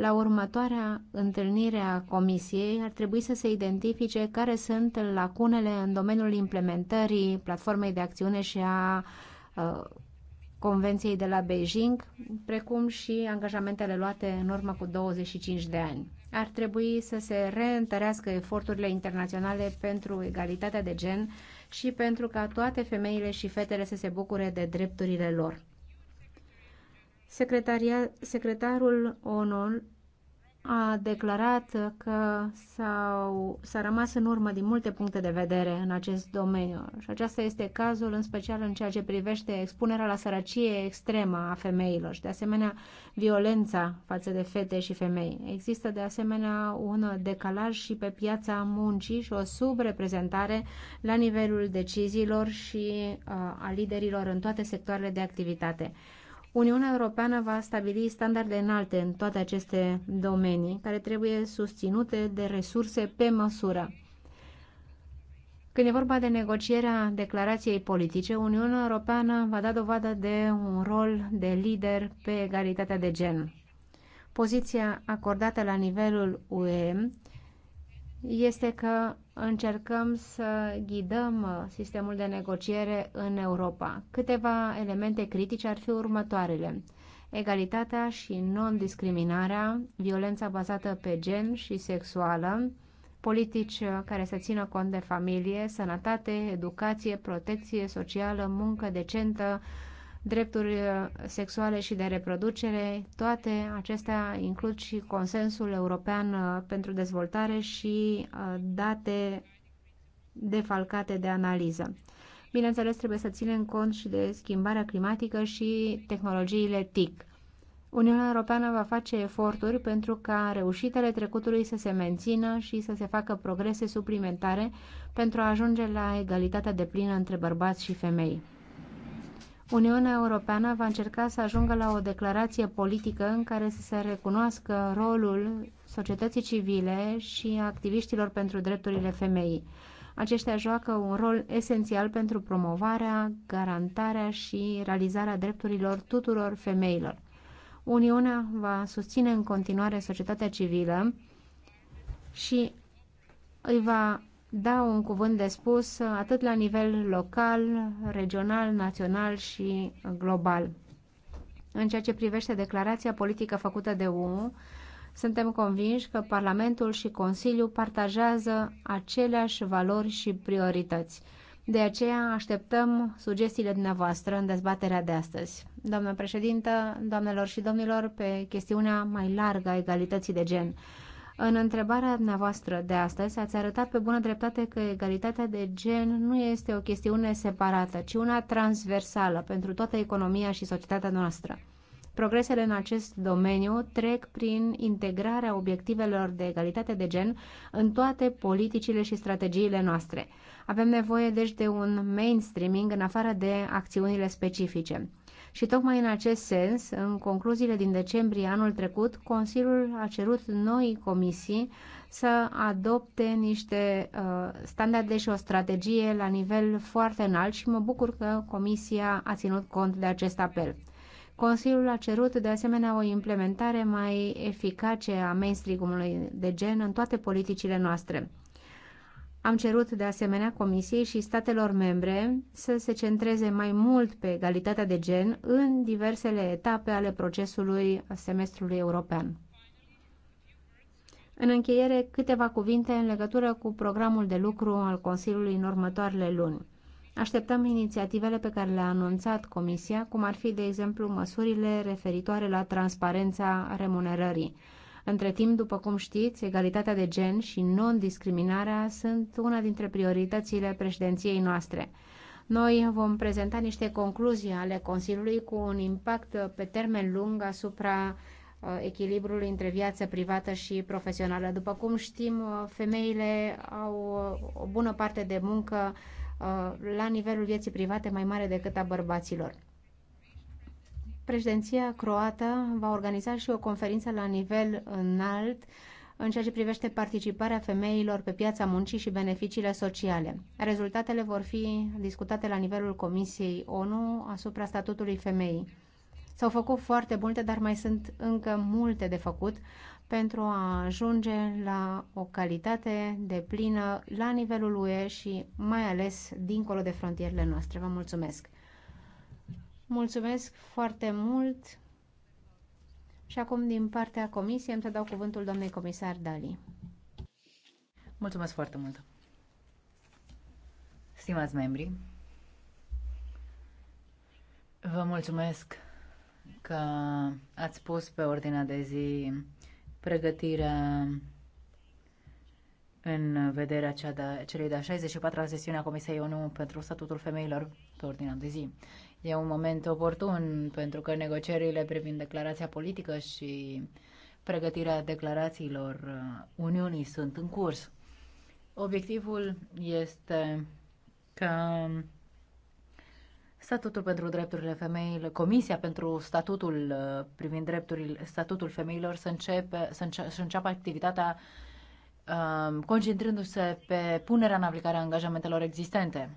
La următoarea întâlnire a Comisiei ar trebui să se identifice care sunt lacunele în domeniul implementării platformei de acțiune și a Convenției de la Beijing, precum și angajamentele luate în urmă cu 25 de ani. Ar trebui să se reîntărească eforturile internaționale pentru egalitatea de gen și pentru ca toate femeile și fetele să se bucure de drepturile lor. Secretaria, secretarul ONU a declarat că s-au, s-a rămas în urmă din multe puncte de vedere în acest domeniu și acesta este cazul în special în ceea ce privește expunerea la sărăcie extremă a femeilor și de asemenea violența față de fete și femei. Există de asemenea un decalaj și pe piața muncii și o subreprezentare la nivelul deciziilor și uh, a liderilor în toate sectoarele de activitate. Uniunea Europeană va stabili standarde înalte în toate aceste domenii, care trebuie susținute de resurse pe măsură. Când e vorba de negocierea declarației politice, Uniunea Europeană va da dovadă de un rol de lider pe egalitatea de gen. Poziția acordată la nivelul UE este că încercăm să ghidăm uh, sistemul de negociere în Europa. Câteva elemente critice ar fi următoarele. Egalitatea și non-discriminarea, violența bazată pe gen și sexuală, politici uh, care să țină cont de familie, sănătate, educație, protecție socială, muncă decentă, drepturi uh, sexuale și de reproducere, toate acestea includ și consensul european uh, pentru dezvoltare și uh, date defalcate de analiză. Bineînțeles, trebuie să ținem cont și de schimbarea climatică și tehnologiile TIC. Uniunea Europeană va face eforturi pentru ca reușitele trecutului să se mențină și să se facă progrese suplimentare pentru a ajunge la egalitatea deplină între bărbați și femei. Uniunea Europeană va încerca să ajungă la o declarație politică în care să se recunoască rolul societății civile și activiștilor pentru drepturile femeii. Aceștia joacă un rol esențial pentru promovarea, garantarea și realizarea drepturilor tuturor femeilor. Uniunea va susține în continuare societatea civilă și îi va da un cuvânt de spus atât la nivel local, regional, național și global. În ceea ce privește declarația politică făcută de ONU, suntem convinși că Parlamentul și Consiliul partajează aceleași valori și priorități. De aceea așteptăm sugestiile dumneavoastră în dezbaterea de astăzi. Doamnă președintă, doamnelor și domnilor, pe chestiunea mai largă a egalității de gen. În întrebarea dumneavoastră de astăzi ați arătat pe bună dreptate că egalitatea de gen nu este o chestiune separată, ci una transversală pentru toată economia și societatea noastră. Progresele în acest domeniu trec prin integrarea obiectivelor de egalitate de gen în toate politicile și strategiile noastre. Avem nevoie deci de un mainstreaming în afară de acțiunile specifice. Și tocmai în acest sens, în concluziile din decembrie anul trecut, Consiliul a cerut noi comisii să adopte niște uh, standarde și o strategie la nivel foarte înalt și mă bucur că Comisia a ținut cont de acest apel. Consiliul a cerut de asemenea o implementare mai eficace a mainstream-ului de gen în toate politicile noastre. Am cerut de asemenea Comisiei și statelor membre să se centreze mai mult pe egalitatea de gen în diversele etape ale procesului semestrului european. În încheiere, câteva cuvinte în legătură cu programul de lucru al Consiliului în următoarele luni. Așteptăm inițiativele pe care le-a anunțat Comisia, cum ar fi, de exemplu, măsurile referitoare la transparența remunerării. Între timp, după cum știți, egalitatea de gen și non-discriminarea sunt una dintre prioritățile președinției noastre. Noi vom prezenta niște concluzii ale Consiliului cu un impact pe termen lung asupra uh, echilibrului între viață privată și profesională. După cum știm, uh, femeile au uh, o bună parte de muncă la nivelul vieții private mai mare decât a bărbaților președinția croată va organiza și o conferință la nivel înalt în ceea ce privește participarea femeilor pe piața muncii și beneficiile sociale. Rezultatele vor fi discutate la nivelul Comisiei ONU asupra statutului femeii. S-au făcut foarte multe, dar mai sunt încă multe de făcut pentru a ajunge la o calitate de plină la nivelul UE și mai ales dincolo de frontierele noastre. Vă mulțumesc! Mulțumesc foarte mult. Și acum, din partea comisiei, îmi să dau cuvântul doamnei comisar Dali. Mulțumesc foarte mult. Stimați membri, vă mulțumesc că ați pus pe ordinea de zi pregătirea în vederea cea de, celei de-a 64-a sesiune a Comisiei ONU pentru Statutul Femeilor pe ordinea de zi. E un moment oportun pentru că negocierile privind declarația politică și pregătirea declarațiilor uh, Uniunii sunt în curs. Obiectivul este ca Statutul pentru drepturile femeilor, Comisia pentru statutul uh, privind drepturile, statutul femeilor să, începe, să, înce- să înceapă activitatea uh, concentrându-se pe punerea în aplicare a angajamentelor existente.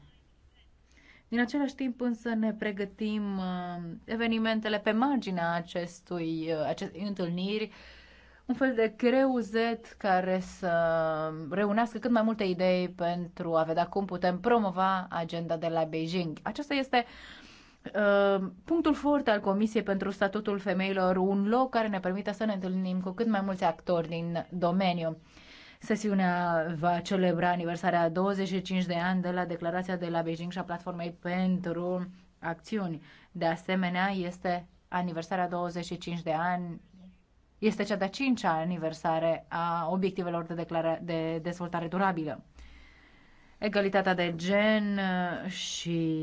Din același timp însă ne pregătim uh, evenimentele pe marginea acestui, uh, acestui întâlniri, un fel de greu Z care să reunească cât mai multe idei pentru a vedea cum putem promova agenda de la Beijing. Acesta este uh, punctul foarte al Comisiei pentru Statutul Femeilor, un loc care ne permite să ne întâlnim cu cât mai mulți actori din domeniu. Sesiunea va celebra aniversarea 25 de ani de la declarația de la Beijing și a platformei pentru acțiuni. De asemenea, este aniversarea 25 de ani este cea de-a cincea aniversare a obiectivelor de, declara- de dezvoltare durabilă. Egalitatea de gen uh, și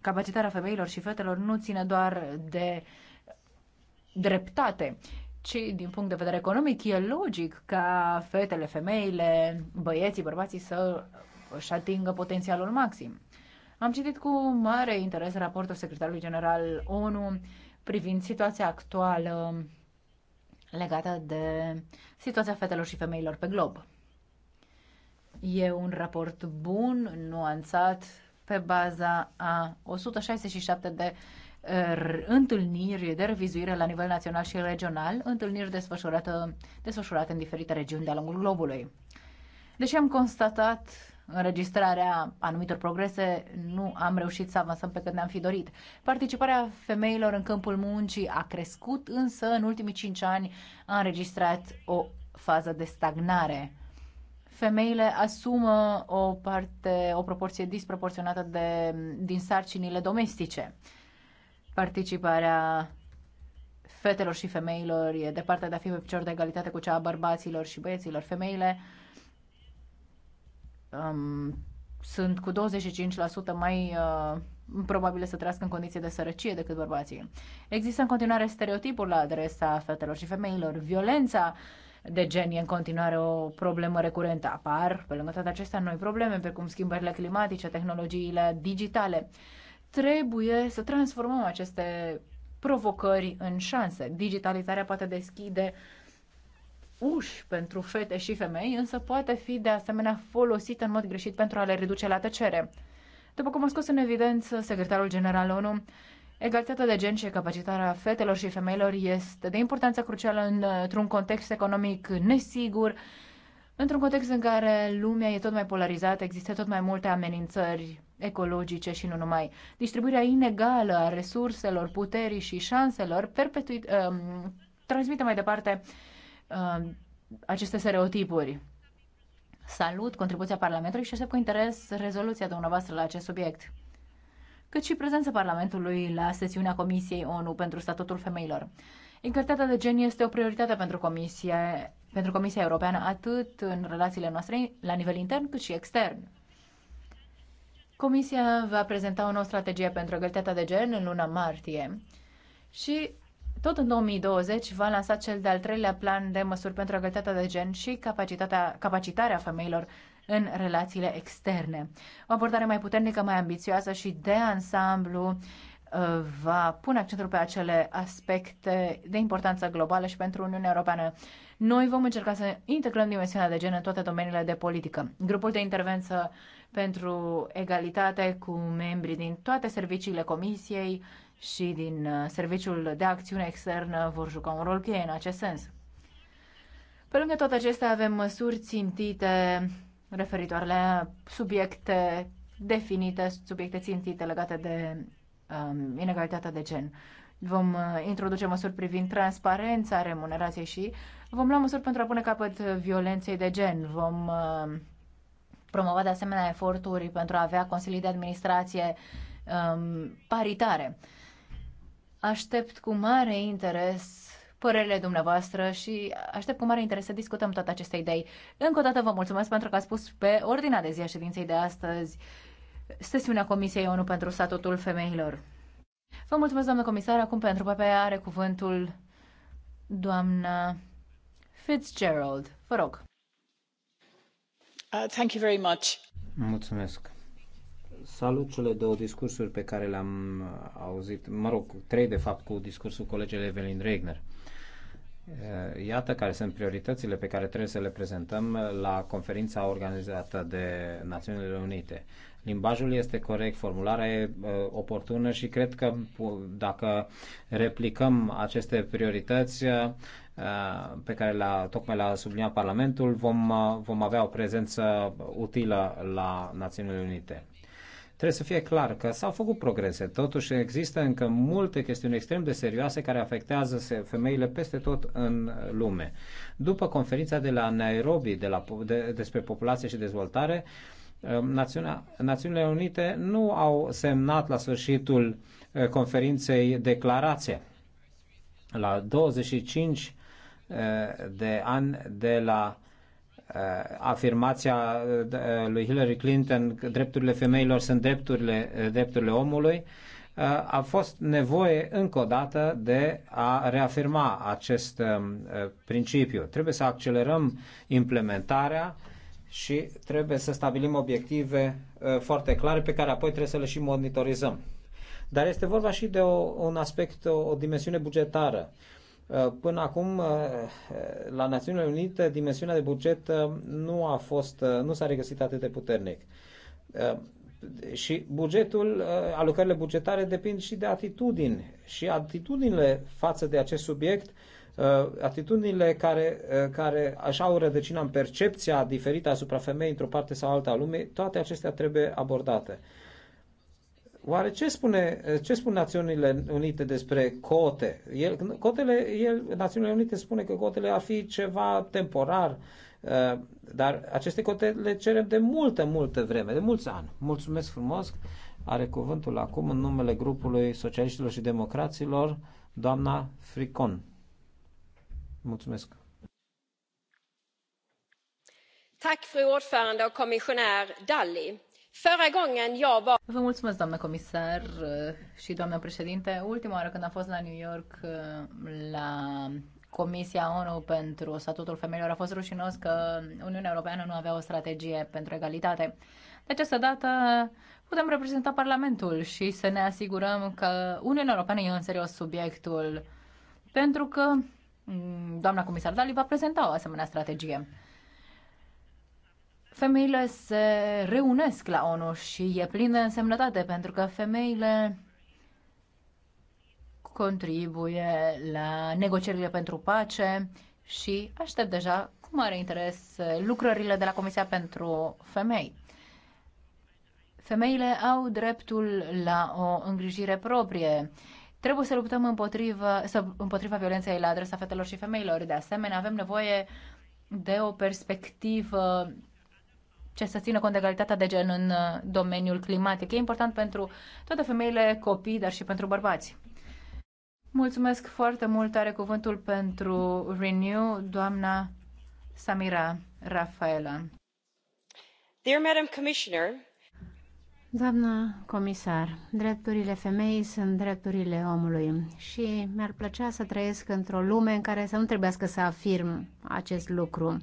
capacitatea femeilor și fetelor nu ține doar de dreptate, ci din punct de vedere economic e logic ca fetele, femeile, băieții, bărbații să își atingă potențialul maxim. Am citit cu mare interes raportul secretarului general ONU privind situația actuală legată de situația fetelor și femeilor pe glob. E un raport bun, nuanțat, pe baza a 167 de întâlniri de revizuire la nivel național și regional, întâlniri desfășurate, desfășurate în diferite regiuni de-a lungul globului. Deși am constatat înregistrarea anumitor progrese, nu am reușit să avansăm pe cât ne-am fi dorit. Participarea femeilor în câmpul muncii a crescut, însă în ultimii 5 ani a înregistrat o fază de stagnare. Femeile asumă o parte, o proporție disproporționată de, din sarcinile domestice. Participarea fetelor și femeilor e departe de a fi pe picior de egalitate cu cea a bărbaților și băieților. Femeile um, sunt cu 25% mai uh, probabile să trăiască în condiții de sărăcie decât bărbații. Există în continuare stereotipul la adresa fetelor și femeilor. Violența de gen e în continuare o problemă recurentă. Apar, pe lângă toate acestea, noi probleme, precum schimbările climatice, tehnologiile digitale. Uh, Trebuie să transformăm aceste provocări în șanse. Digitalizarea poate deschide uși pentru fete și femei, însă poate fi de asemenea folosită în mod greșit pentru a le reduce la tăcere. După cum a scos în evidență secretarul general ONU, Egalitatea de gen și capacitarea fetelor și femeilor este de importanță crucială într-un context economic nesigur, într-un context în care lumea e tot mai polarizată, există tot mai multe amenințări ecologice și nu numai. Distribuirea inegală a resurselor, puterii și șanselor perpetuit, uh, transmite mai departe uh, aceste stereotipuri. Salut contribuția Parlamentului și aștept cu interes rezoluția dumneavoastră la acest subiect cât și prezența Parlamentului la sesiunea Comisiei ONU pentru Statutul Femeilor. Egalitatea de gen este o prioritate pentru Comisie, pentru Comisia Europeană, atât în relațiile noastre la nivel intern cât și extern. Comisia va prezenta o nouă strategie pentru egalitatea de gen în luna martie și tot în 2020 va lansa cel de-al treilea plan de măsuri pentru egalitatea de gen și capacitatea, capacitarea femeilor în relațiile externe. O abordare mai puternică, mai ambițioasă și de ansamblu uh, va pune accentul pe acele aspecte de importanță globală și pentru Uniunea Europeană. Noi vom încerca să integrăm dimensiunea de gen în toate domeniile de politică. Grupul de intervență pentru egalitate cu membrii din toate serviciile Comisiei și din uh, Serviciul de Acțiune Externă vor juca un rol cheie în acest sens. Pe lângă toate acestea avem măsuri țintite referitoare la subiecte definite, subiecte țintite legate de um, inegalitatea de gen. Vom uh, introduce măsuri privind transparența remunerației și vom lua măsuri pentru a pune capăt violenței de gen. Vom uh, promova de asemenea eforturi pentru a avea consilii de administrație um, paritare. Aștept cu mare interes părerile dumneavoastră și aștept cu mare interes să discutăm toate aceste idei. Încă o dată vă mulțumesc pentru că ați pus pe ordinea de zi a ședinței de astăzi sesiunea Comisiei ONU pentru statutul femeilor. Vă mulțumesc, doamnă comisar. Acum pentru PPA are cuvântul doamna Fitzgerald. Vă rog. Uh, thank you very much. Mulțumesc. Salut cele două discursuri pe care le-am uh, auzit, mă rog, trei de fapt cu discursul colegele Evelyn Regner. Uh, iată care sunt prioritățile pe care trebuie să le prezentăm la conferința organizată de Națiunile Unite. Limbajul este corect, formularea e oportună și cred că dacă replicăm aceste priorități, Uh, pe care l-a, tocmai l-a subliniat Parlamentul, vom, uh, vom avea o prezență utilă la Națiunile Unite. Trebuie să fie clar că s-au făcut progrese, totuși există încă multe chestiuni extrem de serioase care afectează femeile peste tot în lume. După conferința de la Nairobi de la, de, despre populație și dezvoltare, uh, Națiunea, Națiunile Unite nu au semnat la sfârșitul conferinței declarație. La 25 Eh, de ani de la eh, afirmația eh, lui Hillary Clinton că drepturile femeilor sunt drepturile, drepturile omului, a fost nevoie încă o dată de a reafirma acest principiu. Trebuie să accelerăm implementarea și trebuie să stabilim obiective foarte clare pe care apoi trebuie să le și monitorizăm. Dar este vorba și de o, un aspect, o, o dimensiune bugetară. Uh, până acum, uh, la Națiunile Unite, dimensiunea de buget uh, nu a fost, nu s-a regăsit atât de puternic. Și bugetul, alocările bugetare depind și de atitudini. Și atitudinile față de acest subiect, atitudinile care, care așa au rădăcina în percepția diferită asupra femeii într-o parte sau alta a lumii, toate acestea trebuie abordate. Oare ce spune, ce spun Națiunile Unite despre cote? El, cotele, el, Națiunile Unite spune că cotele ar fi ceva temporar, uh, dar aceste cote le cerem de multă, multă vreme, de mulți ani. Mulțumesc frumos! Are cuvântul acum în numele grupului Socialiștilor și Democraților, doamna Fricon. Mulțumesc! Tack, fru ordförande och kommissionär Dalli. Vă mulțumesc, doamnă comisar uh, și doamnă președinte. Ultima oară când am fost la New York uh, la Comisia ONU pentru statutul femeilor a fost rușinos că Uniunea Europeană nu avea o strategie pentru egalitate. De această dată putem reprezenta Parlamentul și să ne asigurăm că Uniunea Europeană ia în serios subiectul, pentru că mm, doamna comisar Dali va prezenta o asemenea strategie femeile se reunesc la ONU și e plin de însemnătate pentru că femeile contribuie la negocierile pentru pace și aștept deja cu mare interes lucrările de la Comisia pentru Femei. Femeile au dreptul la o îngrijire proprie. Trebuie să luptăm împotriva, să, împotriva violenței la adresa fetelor și femeilor. De asemenea, avem nevoie de o perspectivă ce să țină cont de egalitatea de gen în uh, domeniul climatic. E important pentru toate femeile, copii, dar și pentru bărbați. Mulțumesc foarte mult. Are cuvântul pentru Renew, doamna Samira Rafaela. Dear Madam Commissioner, Doamna comisar, drepturile femeii sunt drepturile omului și mi-ar plăcea să trăiesc într-o lume în care să nu trebuiască să afirm acest lucru.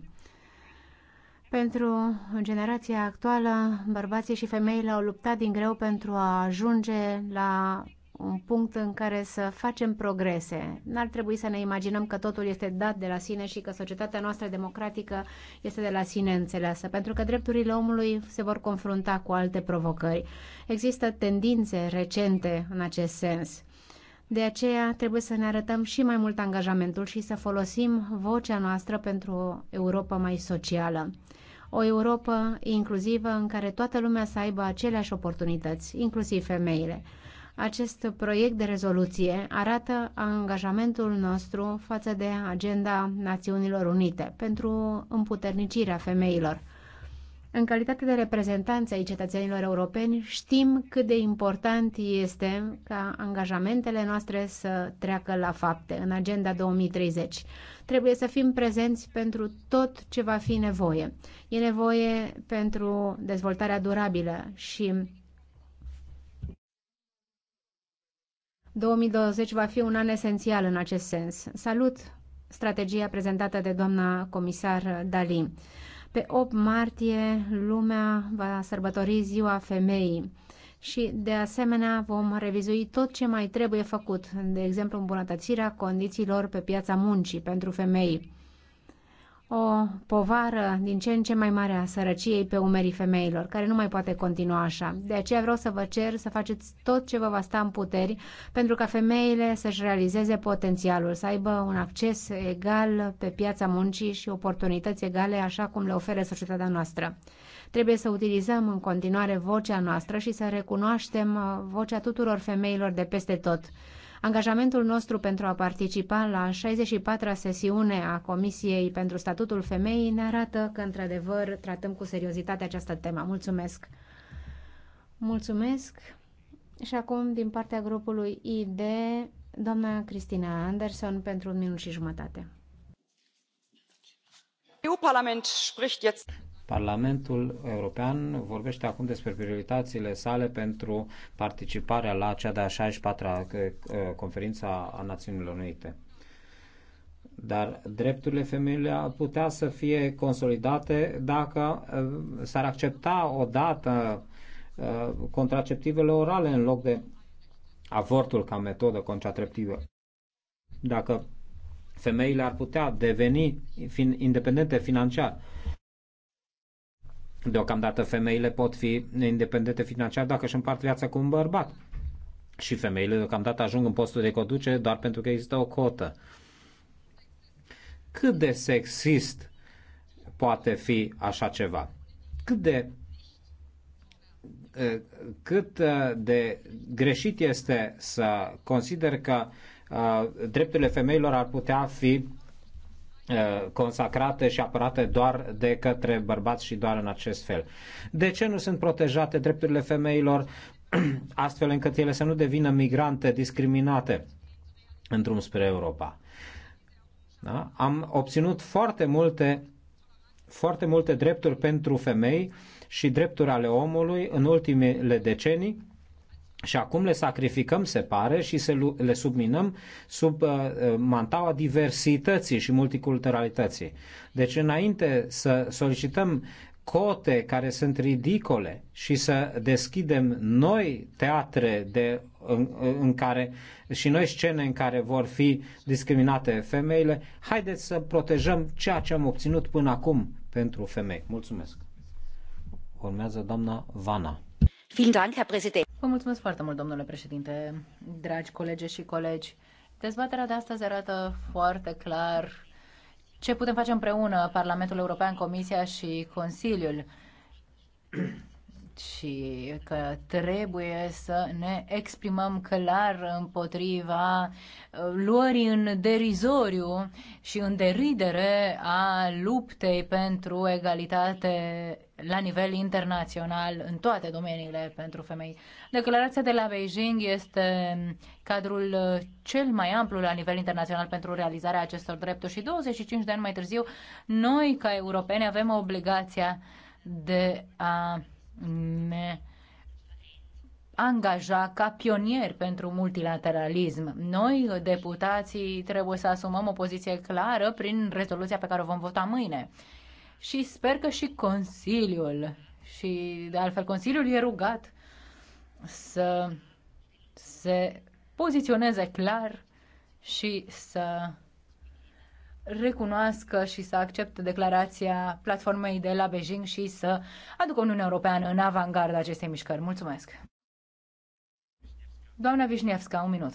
Pentru generația actuală, bărbații și femeile au luptat din greu pentru a ajunge la un punct în care să facem progrese. N-ar trebui să ne imaginăm că totul este dat de la sine și că societatea noastră democratică este de la sine înțeleasă, pentru că drepturile omului se vor confrunta cu alte provocări. Există tendințe recente în acest sens. De aceea trebuie să ne arătăm și mai mult angajamentul și să folosim vocea noastră pentru o Europa mai socială o Europa inclusivă în care toată lumea să aibă aceleași oportunități, inclusiv femeile. Acest proiect de rezoluție arată angajamentul nostru față de agenda Națiunilor Unite pentru împuternicirea femeilor. În calitate de reprezentanți ai cetățenilor europeni, știm cât de important este ca angajamentele noastre să treacă la fapte în Agenda 2030. Trebuie să fim prezenți pentru tot ce va fi nevoie. E nevoie pentru dezvoltarea durabilă și 2020 va fi un an esențial în acest sens. Salut strategia prezentată de doamna comisar Dali. Pe 8 martie, lumea va sărbători Ziua Femeii și, de asemenea, vom revizui tot ce mai trebuie făcut, de exemplu, îmbunătățirea condițiilor pe piața muncii pentru femei o povară din ce în ce mai mare a sărăciei pe umerii femeilor, care nu mai poate continua așa. De aceea vreau să vă cer să faceți tot ce vă va sta în puteri pentru ca femeile să-și realizeze potențialul, să aibă un acces egal pe piața muncii și oportunități egale așa cum le oferă societatea noastră. Trebuie să utilizăm în continuare vocea noastră și să recunoaștem uh, vocea tuturor femeilor de peste tot Angajamentul nostru pentru a participa la 64-a sesiune a Comisiei pentru Statutul Femeii ne arată că, într-adevăr, tratăm cu seriozitate această temă. Mulțumesc! Mulțumesc! Și acum, din partea grupului ID, doamna Cristina Anderson, pentru un minut și jumătate. Parlamentul European vorbește acum despre prioritățile sale pentru participarea la cea de-a 64-a eh, eh, conferință a Națiunilor Unite. Dar drepturile femeilor ar putea să fie consolidate dacă eh, s-ar accepta odată contraceptivele orale în loc de avortul ca metodă contraceptivă. Dacă femeile ar putea deveni independente financiar Deocamdată femeile pot fi independente financiar dacă își împart viața cu un bărbat. Și femeile deocamdată ajung în postul de conducere doar pentru că există o cotă. Cât de sexist poate fi așa ceva? Cât de eh, cât eh, de greșit este să consider că eh, drepturile femeilor ar putea fi Uh, consacrate și apărate doar de către bărbați și doar în acest fel. De ce nu sunt protejate drepturile femeilor (clears throat) astfel încât ele să nu devină migrante discriminate în drum spre Europa? Da? Am obținut foarte multe, foarte multe drepturi pentru femei și drepturi ale omului în ultimele decenii, și acum le sacrificăm, se pare, și se, le subminăm sub uh, mantaua diversității și multiculturalității. Deci, înainte să solicităm cote care sunt ridicole și să deschidem noi teatre de, în, în care și noi scene în care vor fi discriminate femeile, haideți să protejăm ceea ce am obținut până acum pentru femei. Mulțumesc. Urmează doamna Vana. Vă mulțumesc foarte mult, domnule președinte, dragi colege și colegi. Dezbaterea de astăzi arată foarte clar ce putem face împreună Parlamentul European, Comisia și Consiliul (clears throat) și că trebuie să ne exprimăm clar împotriva uh, luării în derizoriu și în deridere a luptei pentru egalitate la nivel internațional în toate domeniile pentru femei. Declarația de la Beijing este cadrul uh, cel mai amplu la nivel internațional pentru realizarea acestor drepturi și 25 de ani mai târziu noi ca europeni avem obligația de a ne angaja ca pionieri pentru multilateralism. Noi, deputații, trebuie să asumăm o poziție clară prin rezoluția pe care o vom vota mâine și sper că și Consiliul, și de altfel Consiliul e rugat să se poziționeze clar și să recunoască și să accepte declarația platformei de la Beijing și să aducă Uniunea Europeană în avangarda acestei mișcări. Mulțumesc! Doamna Vișnievska, un minut.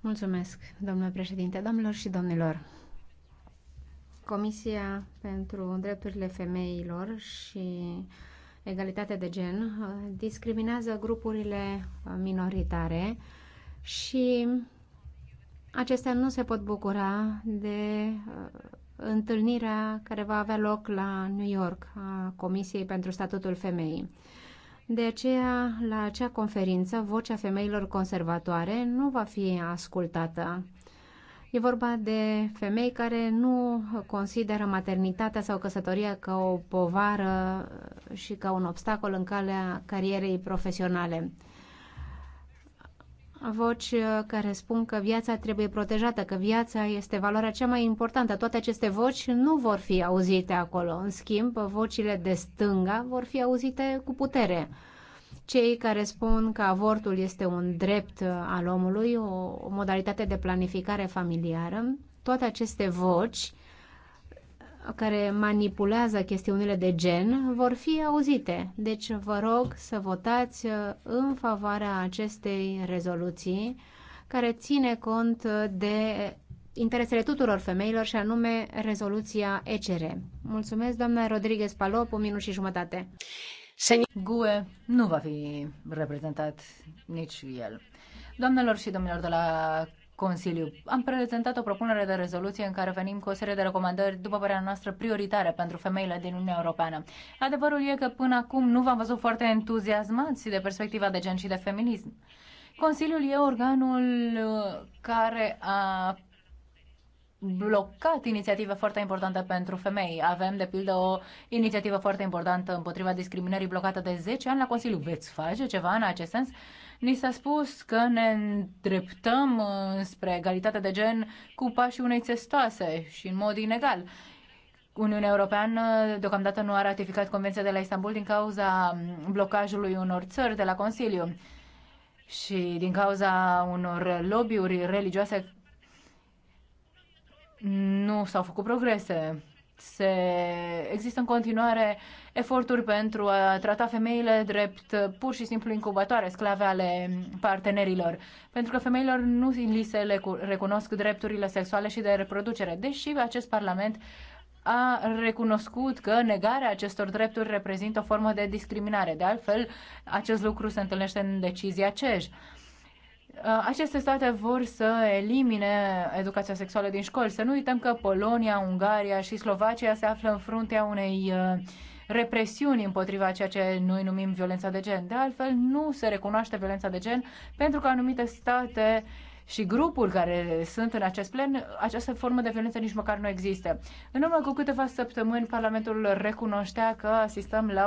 Mulțumesc, domnule președinte, doamnelor și domnilor. Comisia pentru Drepturile Femeilor și Egalitatea de Gen uh, discriminează grupurile uh, minoritare și acestea nu se pot bucura de uh, întâlnirea care va avea loc la New York a Comisiei pentru Statutul Femeii. De aceea, la acea conferință, vocea femeilor conservatoare nu va fi ascultată E vorba de femei care nu consideră maternitatea sau căsătoria ca o povară și ca un obstacol în calea carierei profesionale. Voci care spun că viața trebuie protejată, că viața este valoarea cea mai importantă. Toate aceste voci nu vor fi auzite acolo. În schimb, vocile de stânga vor fi auzite cu putere cei care spun că avortul este un drept al omului, o, o modalitate de planificare familiară, toate aceste voci care manipulează chestiunile de gen vor fi auzite. Deci vă rog să votați în favoarea acestei rezoluții care ține cont de interesele tuturor femeilor și anume rezoluția ECR. Mulțumesc, doamna Rodriguez Palop, un minut și jumătate. GUE nu va fi reprezentat nici el. Doamnelor și domnilor de la Consiliu. Am prezentat o propunere de rezoluție în care venim cu o serie de recomandări, după părerea noastră, prioritare pentru femeile din Uniunea Europeană. Adevărul e că până acum nu v-am văzut foarte entuziasmați de perspectiva de gen și de feminism. Consiliul e organul uh, care a blocat inițiative foarte importante pentru femei. Avem, de pildă, o inițiativă foarte importantă împotriva discriminării blocată de 10 ani la Consiliu. Veți face ceva în acest sens? Ni s-a spus că ne îndreptăm uh, spre egalitatea de gen cu pașii unei țestoase și în mod inegal. Uniunea Europeană uh, deocamdată nu a ratificat Convenția de la Istanbul din cauza um, blocajului unor țări de la Consiliu și din cauza unor lobby-uri religioase nu s-au făcut progrese. Se, există în continuare eforturi pentru a trata femeile drept pur și simplu incubatoare, sclave ale partenerilor, pentru că femeilor nu li se le recunosc drepturile sexuale și de reproducere, deși acest Parlament a recunoscut că negarea acestor drepturi reprezintă o formă de discriminare. De altfel, acest lucru se întâlnește în decizia CEJ. Uh, aceste state vor să elimine educația sexuală din școli. Să nu uităm că Polonia, Ungaria și Slovacia se află în fruntea unei uh, represiuni împotriva ceea ce noi numim violența de gen. De altfel, nu se recunoaște violența de gen pentru că anumite state și grupuri care sunt în acest plen, această formă de violență nici măcar nu există. În urmă cu câteva săptămâni, Parlamentul recunoștea că asistăm la